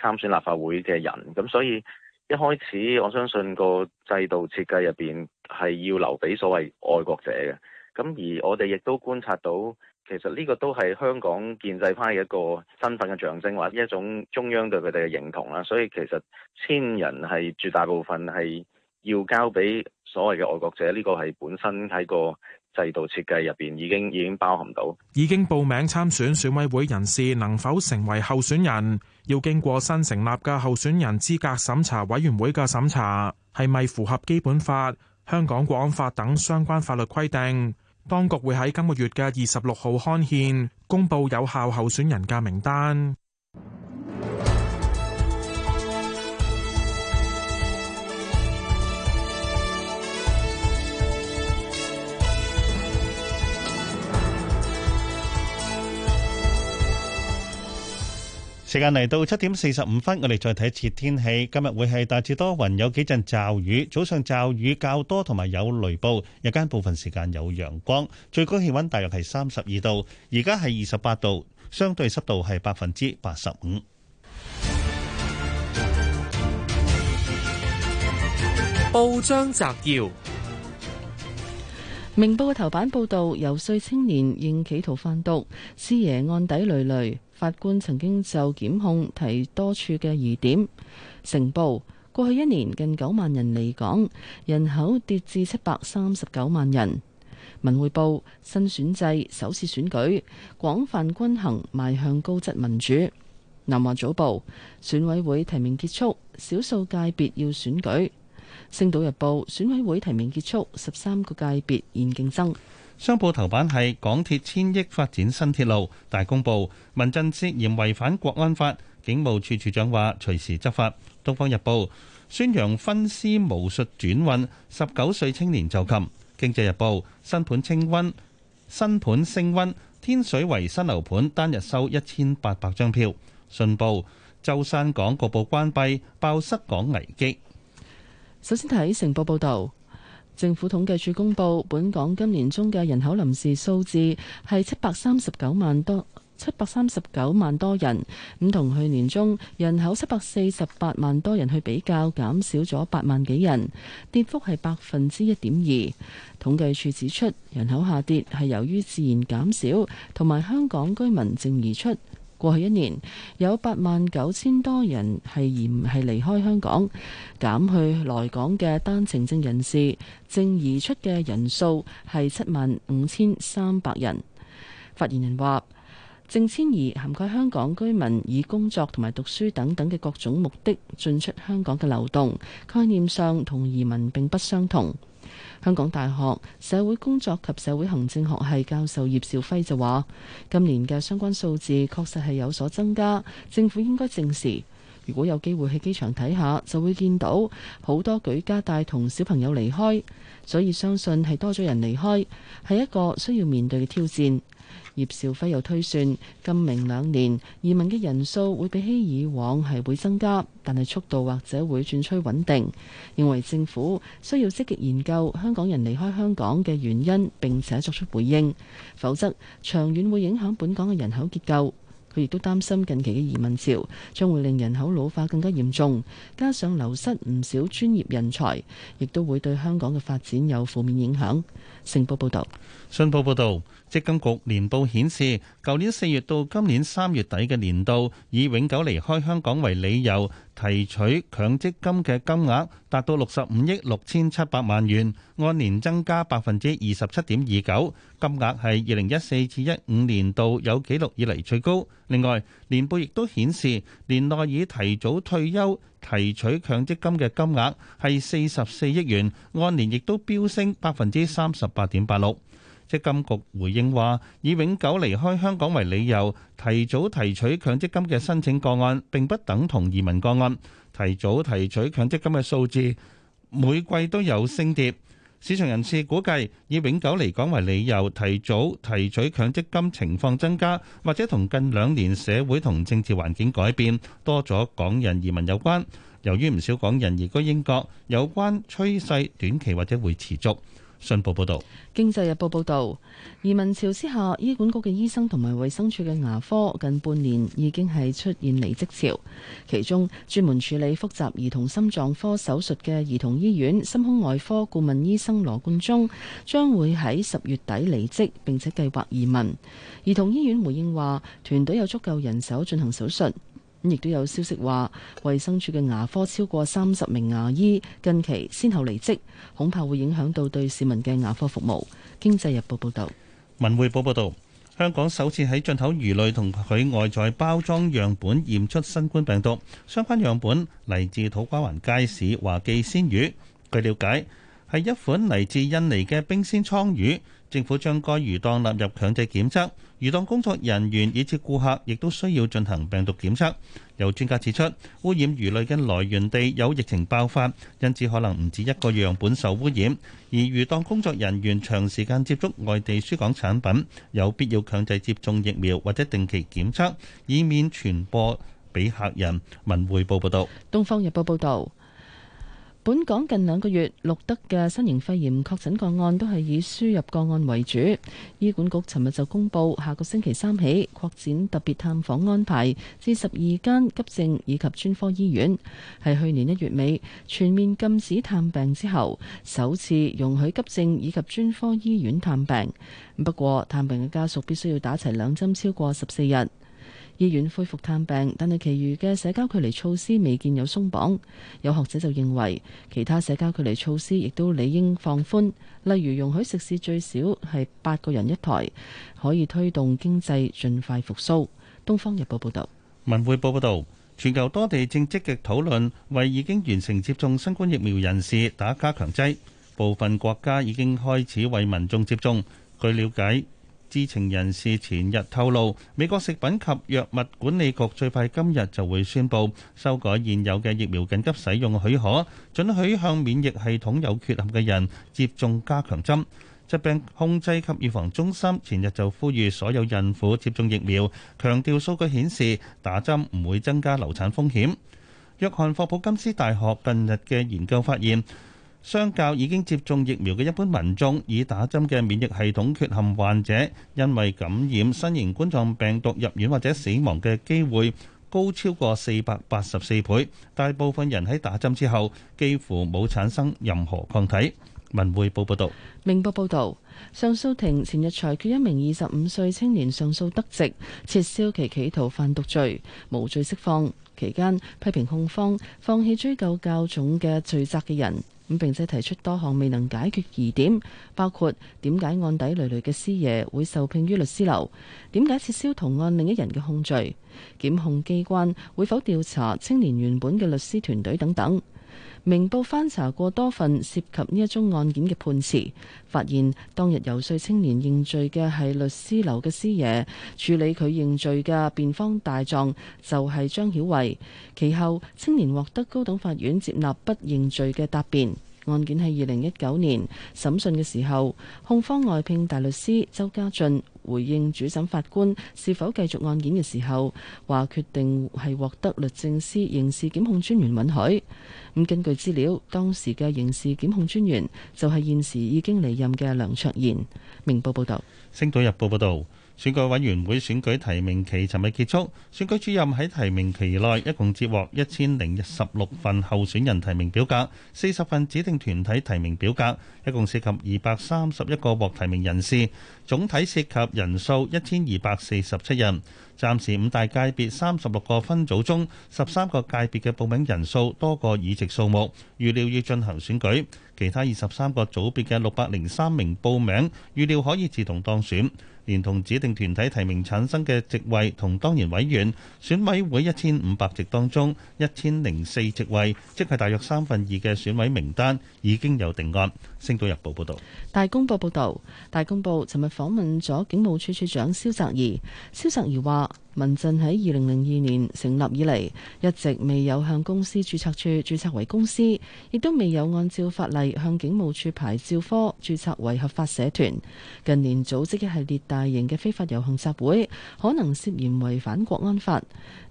參選立法會嘅人，咁所以一開始我相信個制度設計入邊係要留俾所謂愛國者嘅，咁而我哋亦都觀察到，其實呢個都係香港建制派嘅一個身份嘅象徵，或者一種中央對佢哋嘅認同啦。所以其實千人係絕大部分係要交俾所謂嘅愛國者，呢個係本身喺個。制度設計入邊已經已經包含到，已經報名參選選委會人士能否成為候選人，要經過新成立嘅候選人資格審查委員會嘅審查，係咪符合基本法、香港國安法等相關法律規定。當局會喺今個月嘅二十六號刊憲公布有效候選人嘅名單。時間嚟到七點四十五分，我哋再睇一次天氣。今日會係大致多雲，有幾陣驟雨。早上驟雨較多，同埋有雷暴。日間部分時間有陽光。最高氣溫大約係三十二度，而家係二十八度，相對濕度係百分之八十五。報章摘要：明報頭版報道，遊說青年應企圖販毒，師爺案底累累。法官曾經就檢控提多處嘅疑點成報，過去一年近九萬人離港，人口跌至七百三十九萬人。文匯報新選制首次選舉，廣泛均衡，邁向高質民主。南華早報選委會提名結束，少數界別要選舉。星島日報選委會提名結束，十三個界別現競爭。商報頭版係港鐵千億發展新鐵路。大公報，民陣涉嫌違反國安法，警務處處長話隨時執法。東方日報，宣揚分屍巫術轉運，十九歲青年就擒。經濟日報，新盤清温、新盤升温，天水圍新樓盤單日收一千八百張票。信報，舟山港局部關閉，爆塞港危機。首先睇成報報道。政府統計處公佈，本港今年中嘅人口臨時數字係七百三十九萬多，七百三十九萬多人。咁同去年中人口七百四十八萬多人去比較，減少咗八萬幾人，跌幅係百分之一點二。統計處指出，人口下跌係由於自然減少同埋香港居民淨移出。過去一年有八萬九千多人係而唔係離開香港，減去來港嘅單程證人士，正移出嘅人數係七萬五千三百人。發言人話：正遷移涵蓋香港居民以工作同埋讀書等等嘅各種目的進出香港嘅流動，概念上同移民並不相同。香港大學社會工作及社會行政學系教授葉兆輝就話，今年嘅相關數字確實係有所增加，政府應該正視，如果有機會去機場睇下，就會見到好多舉家帶同小朋友離開，所以相信係多咗人離開，係一個需要面對嘅挑戰。葉兆輝又推算，今明兩年移民嘅人數會比起以往係會增加，但係速度或者會轉趨穩定。認為政府需要積極研究香港人離開香港嘅原因，並且作出回應，否則長遠會影響本港嘅人口結構。佢亦都擔心近期嘅移民潮將會令人口老化更加嚴重，加上流失唔少專業人才，亦都會對香港嘅發展有負面影響。成報報道，信報報道。積金局年報顯示，舊年四月到今年三月底嘅年度，以永久離開香港為理由提取強積金嘅金額達到六十五億六千七百萬元，按年增加百分之二十七點二九，金額係二零一四至一五年度有記錄以嚟最高。另外，年報亦都顯示，年內以提早退休提取強積金嘅金額係四十四億元，按年亦都飆升百分之三十八點八六。積金局回應話：以永久離開香港為理由提早提取強積金嘅申請個案並不等同移民個案。提早提取強積金嘅數字每季都有升跌。市場人士估計，以永久離港為理由提早提取強積金情況增加，或者同近兩年社會同政治環境改變多咗港人移民有關。由於唔少港人移居英國，有關趨勢短期或者會持續。信報報導，《經濟日報》報導，移民潮之下，醫管局嘅醫生同埋衛生署嘅牙科近半年已經係出現離職潮。其中，專門處理複雜兒童心臟科手術嘅兒童醫院心胸外科顧問醫生羅冠中將會喺十月底離職，並且計劃移民。兒童醫院回應話，團隊有足夠人手進行手術。咁亦都有消息話，衛生署嘅牙科超過三十名牙醫近期先後離職，恐怕會影響到對市民嘅牙科服務。經濟日報報道，文匯報報道，香港首次喺進口魚類同佢外在包裝樣本驗出新冠病毒，相關樣本嚟自土瓜灣街市華記鮮魚。據了解，係一款嚟自印尼嘅冰鮮倉魚。政府將該魚檔納入強制檢測，魚檔工作人員以至顧客亦都需要進行病毒檢測。有專家指出，污染魚類嘅來源地有疫情爆發，因此可能唔止一個樣本受污染。而魚檔工作人員長時間接觸外地輸港產品，有必要強制接種疫苗或者定期檢測，以免傳播俾客人。文匯報報道。東方日報報導。本港近兩個月錄得嘅新型肺炎確診個案都係以輸入個案為主。醫管局尋日就公布，下個星期三起擴展特別探訪安排至十二間急症以及專科醫院，係去年一月尾全面禁止探病之後首次容許急症以及專科醫院探病。不過，探病嘅家屬必須要打齊兩針超過十四日。醫院恢復探病，但係其餘嘅社交距離措施未見有鬆綁。有學者就認為，其他社交距離措施亦都理應放寬，例如容許食肆最少係八個人一台，可以推動經濟盡快復甦。《東方日報》報導，《文匯報》報導，全球多地正積極討論為已經完成接種新冠疫苗人士打加強劑，部分國家已經開始為民眾接種。據了解。知情人士前日透露，美國食品及藥物管理局最快今日就會宣布修改現有嘅疫苗緊急使用許可，准許向免疫系統有缺陷嘅人接種加強針。疾病控制及預防中心前日就呼籲所有孕婦接種疫苗，強調數據顯示打針唔會增加流產風險。約翰霍普金斯大學近日嘅研究發現。相較已經接種疫苗嘅一般民眾，已打針嘅免疫系統缺陷患者，因為感染新型冠狀病毒入院或者死亡嘅機會高超過四百八十四倍。大部分人喺打針之後幾乎冇產生任何抗體。文匯報報導，明報報導，上訴庭前日裁決一名二十五歲青年上訴得直，撤銷其企圖販毒罪，無罪釋放。期間批評控方放棄追究較重嘅罪責嘅人。咁並且提出多項未能解決疑點，包括點解案底累累嘅師爺會受聘於律師樓，點解撤銷同案另一人嘅控罪，檢控機關會否調查青年原本嘅律師團隊等等。明報翻查過多份涉及呢一宗案件嘅判詞，發現當日遊說青年認罪嘅係律師樓嘅師爺，處理佢認罪嘅辯方大狀就係張曉慧。其後青年獲得高等法院接納不認罪嘅答辯。案件喺二零一九年審訊嘅時候，控方外聘大律師周家俊。回應主審法官是否繼續案件嘅時候，話決定係獲得律政司刑事檢控專員允許。咁根據資料，當時嘅刑事檢控專員就係現時已經離任嘅梁卓賢。明報報道，星島日報報道。選舉委員會選舉提名期尋日結束，選舉主任喺提名期內一共接獲一千零一十六份候選人提名表格，四十份指定團體提名表格，一共涉及二百三十一個獲提名人士，總體涉及人數一千二百四十七人。暫時五大界別三十六個分組中，十三個界別嘅報名人數多過議席數目，預料要進行選舉；其他二十三個組別嘅六百零三名報名，預料可以自動當選。連同指定團體提名產生嘅席位同當然委員，選委會一千五百席當中一千零四席位，即係大約三分二嘅選委名單已經有定案。星島日報報道。大公報報道，大公報尋日訪問咗警務處處長蕭澤頤，蕭澤頤話。民陣喺二零零二年成立以嚟，一直未有向公司注冊處注冊為公司，亦都未有按照法例向警務處牌照科注冊為合法社團。近年組織一系列大型嘅非法遊行集會，可能涉嫌違反國安法。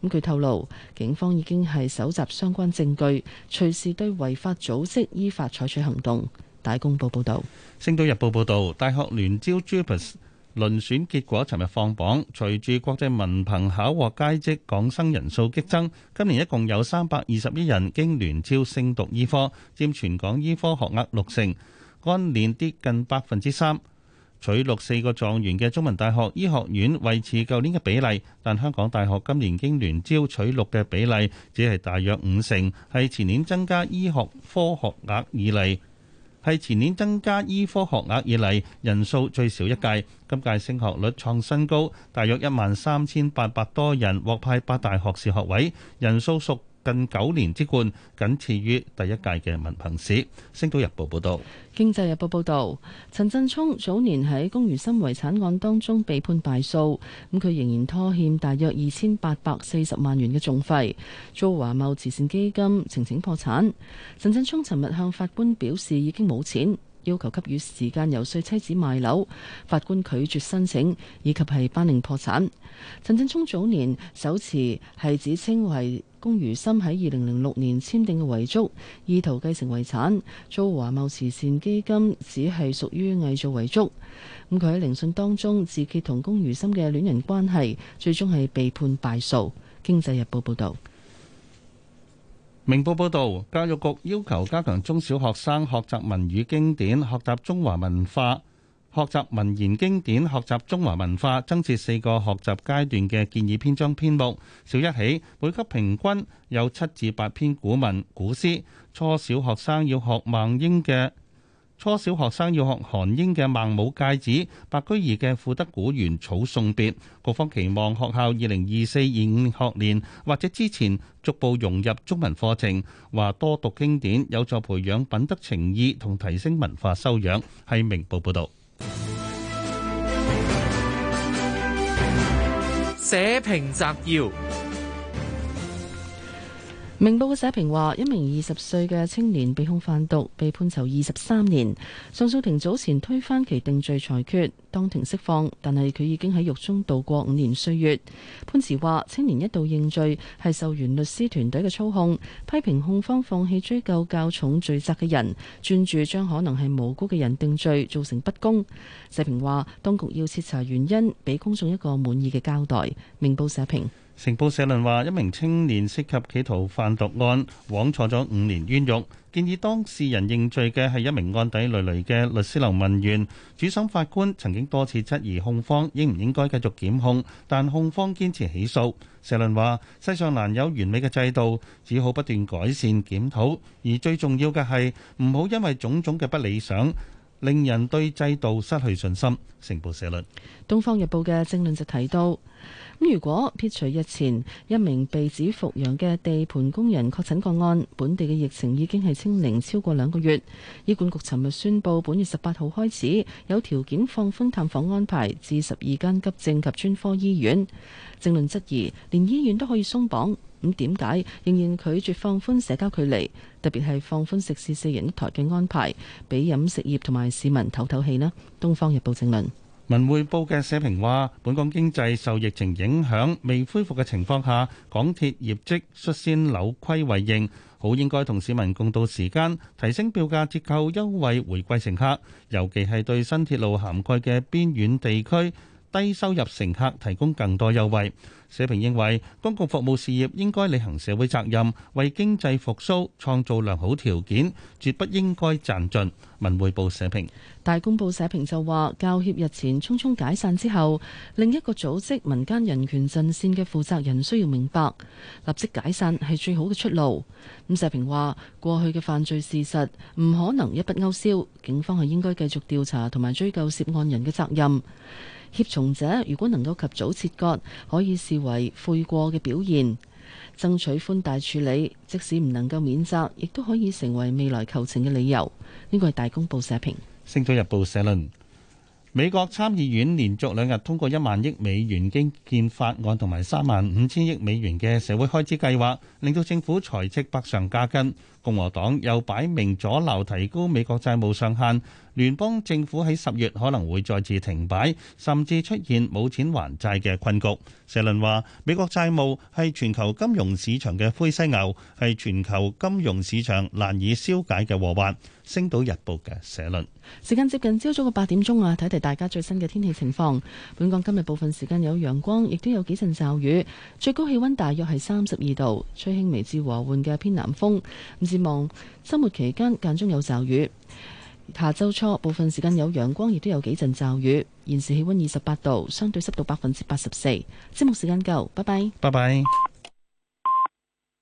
咁佢透露，警方已經係搜集相關證據，隨時對違法組織依法採取行動。大公報報道，《星島日報》報道，大學聯招 Jupas 論選結果，尋日放榜。隨住國際文憑考獲佳績，港生人數激增。今年一共有三百二十一人經聯招升讀醫科，佔全港醫科學額六成，按年跌近百分之三。取錄四個狀元嘅中文大學醫學院維持舊年嘅比例，但香港大學今年經聯招取錄嘅比例只係大約五成，係前年增加醫學科學額以嚟。係前年增加醫科學額以嚟，人數最少一屆。今屆升學率創新高，大約一萬三千八百多人獲派八大學士學位，人數屬近九年之冠，僅次於第一屆嘅文憑試。星島日報報道。經濟日報報道，陳振聰早年喺龔如心遺產案當中被判敗訴，咁佢仍然拖欠大約二千八百四十萬元嘅訟費，遭華懋慈善基金呈請破產。陳振聰尋日向法官表示已經冇錢，要求給予時間遊說妻，妻子賣樓。法官拒絕申請，以及係頒令破產。陳振聰早年手持係指稱為龔如心喺二零零六年簽訂嘅遺囑，意圖繼承遺產，鄒華懋慈善基金只係屬於偽造遺囑。咁佢喺聆訊當中自揭同龔如心嘅戀人關係，最終係被判敗訴。經濟日報報道，明報報道，教育局要求加強中小學生學習文語經典，學習中華文化。學習文言經典，學習中華文化，增設四個學習階段嘅建議篇章篇目，小一起每級平均有七至八篇古文、古詩。初小學生要學孟英嘅，初小學生要學韓英嘅《孟母戒子》，白居易嘅《富德古原草送別》。局方期望學校二零二四、二五學年或者之前逐步融入中文課程，話多讀經典有助培養品德情義同提升文化修養。係明報報道。社評摘要。明報嘅社評話，一名二十歲嘅青年被控販毒，被判囚二十三年。上訴庭早前推翻其定罪裁決，當庭釋放，但係佢已經喺獄中度過五年歲月。判詞話，青年一度認罪係受原律師團隊嘅操控，批評控方放棄追究較重,重罪責嘅人，專注將可能係無辜嘅人定罪，造成不公。社評話，當局要徹查原因，俾公眾一個滿意嘅交代。明報社評。《成報》社論話：一名青年涉及企圖販毒案，枉坐咗五年冤獄。建議當事人認罪嘅係一名案底累累嘅律師劉文源。主審法官曾經多次質疑控方應唔應該繼續檢控，但控方堅持起訴。社論話：世上難有完美嘅制度，只好不斷改善檢討。而最重要嘅係唔好因為種種嘅不理想，令人對制度失去信心。《成報》社論，《東方日報》嘅政論就提到。咁如果撇除日前一名被指復陽嘅地盤工人確診個案，本地嘅疫情已經係清零超過兩個月。醫管局尋日宣布，本月十八號開始有條件放寬探訪安排至十二間急症及專科醫院。政論質疑，連醫院都可以鬆綁，咁點解仍然拒絕放寬社交距離，特別係放寬食肆四人一台嘅安排，俾飲食業同埋市民唞唞氣咧？東方日報政論。文匯報嘅社評話，本港經濟受疫情影響未恢復嘅情況下，港鐵業績率先扭虧為盈，好應該同市民共度時間，提升票價折扣優，優惠，回饋乘客，尤其係對新鐵路涵蓋嘅邊遠地區。低收入乘客提供更多優惠。社評認為，公共服務事業應該履行社會責任，為經濟復甦創造良好條件，絕不應該賺盡。文匯報社評。大公報社評就話，教協日前匆匆解散之後，另一個組織民間人權陣線嘅負責人需要明白，立即解散係最好嘅出路。咁社評話，過去嘅犯罪事實唔可能一筆勾銷，警方係應該繼續調查同埋追究涉案人嘅責任。脅從者如果能夠及早切割，可以視為悔過嘅表現，爭取寬大處理。即使唔能夠免責，亦都可以成為未來求情嘅理由。呢個係大公報社評。星島日報社論：美國參議院連續兩日通過一萬億美元經建法案同埋三萬五千億美元嘅社會開支計劃，令到政府財赤百上加斤。共和黨又擺明阻撓提高美國債務上限。聯邦政府喺十月可能會再次停擺，甚至出現冇錢還債嘅困局。社論話：美國債務係全球金融市場嘅灰犀牛，係全球金融市場難以消解嘅禍患。《星島日報》嘅社論。時間接近朝早嘅八點鐘啊，睇一睇大家最新嘅天氣情況。本港今日部分時間有陽光，亦都有幾陣驟雨，最高氣温大約係三十二度，吹輕微至和緩嘅偏南風。展望週末期間間中有驟雨。下週初部分時間有陽光，亦都有幾陣驟雨。現時氣温二十八度，相對濕度百分之八十四。節目時間夠，拜拜。拜拜。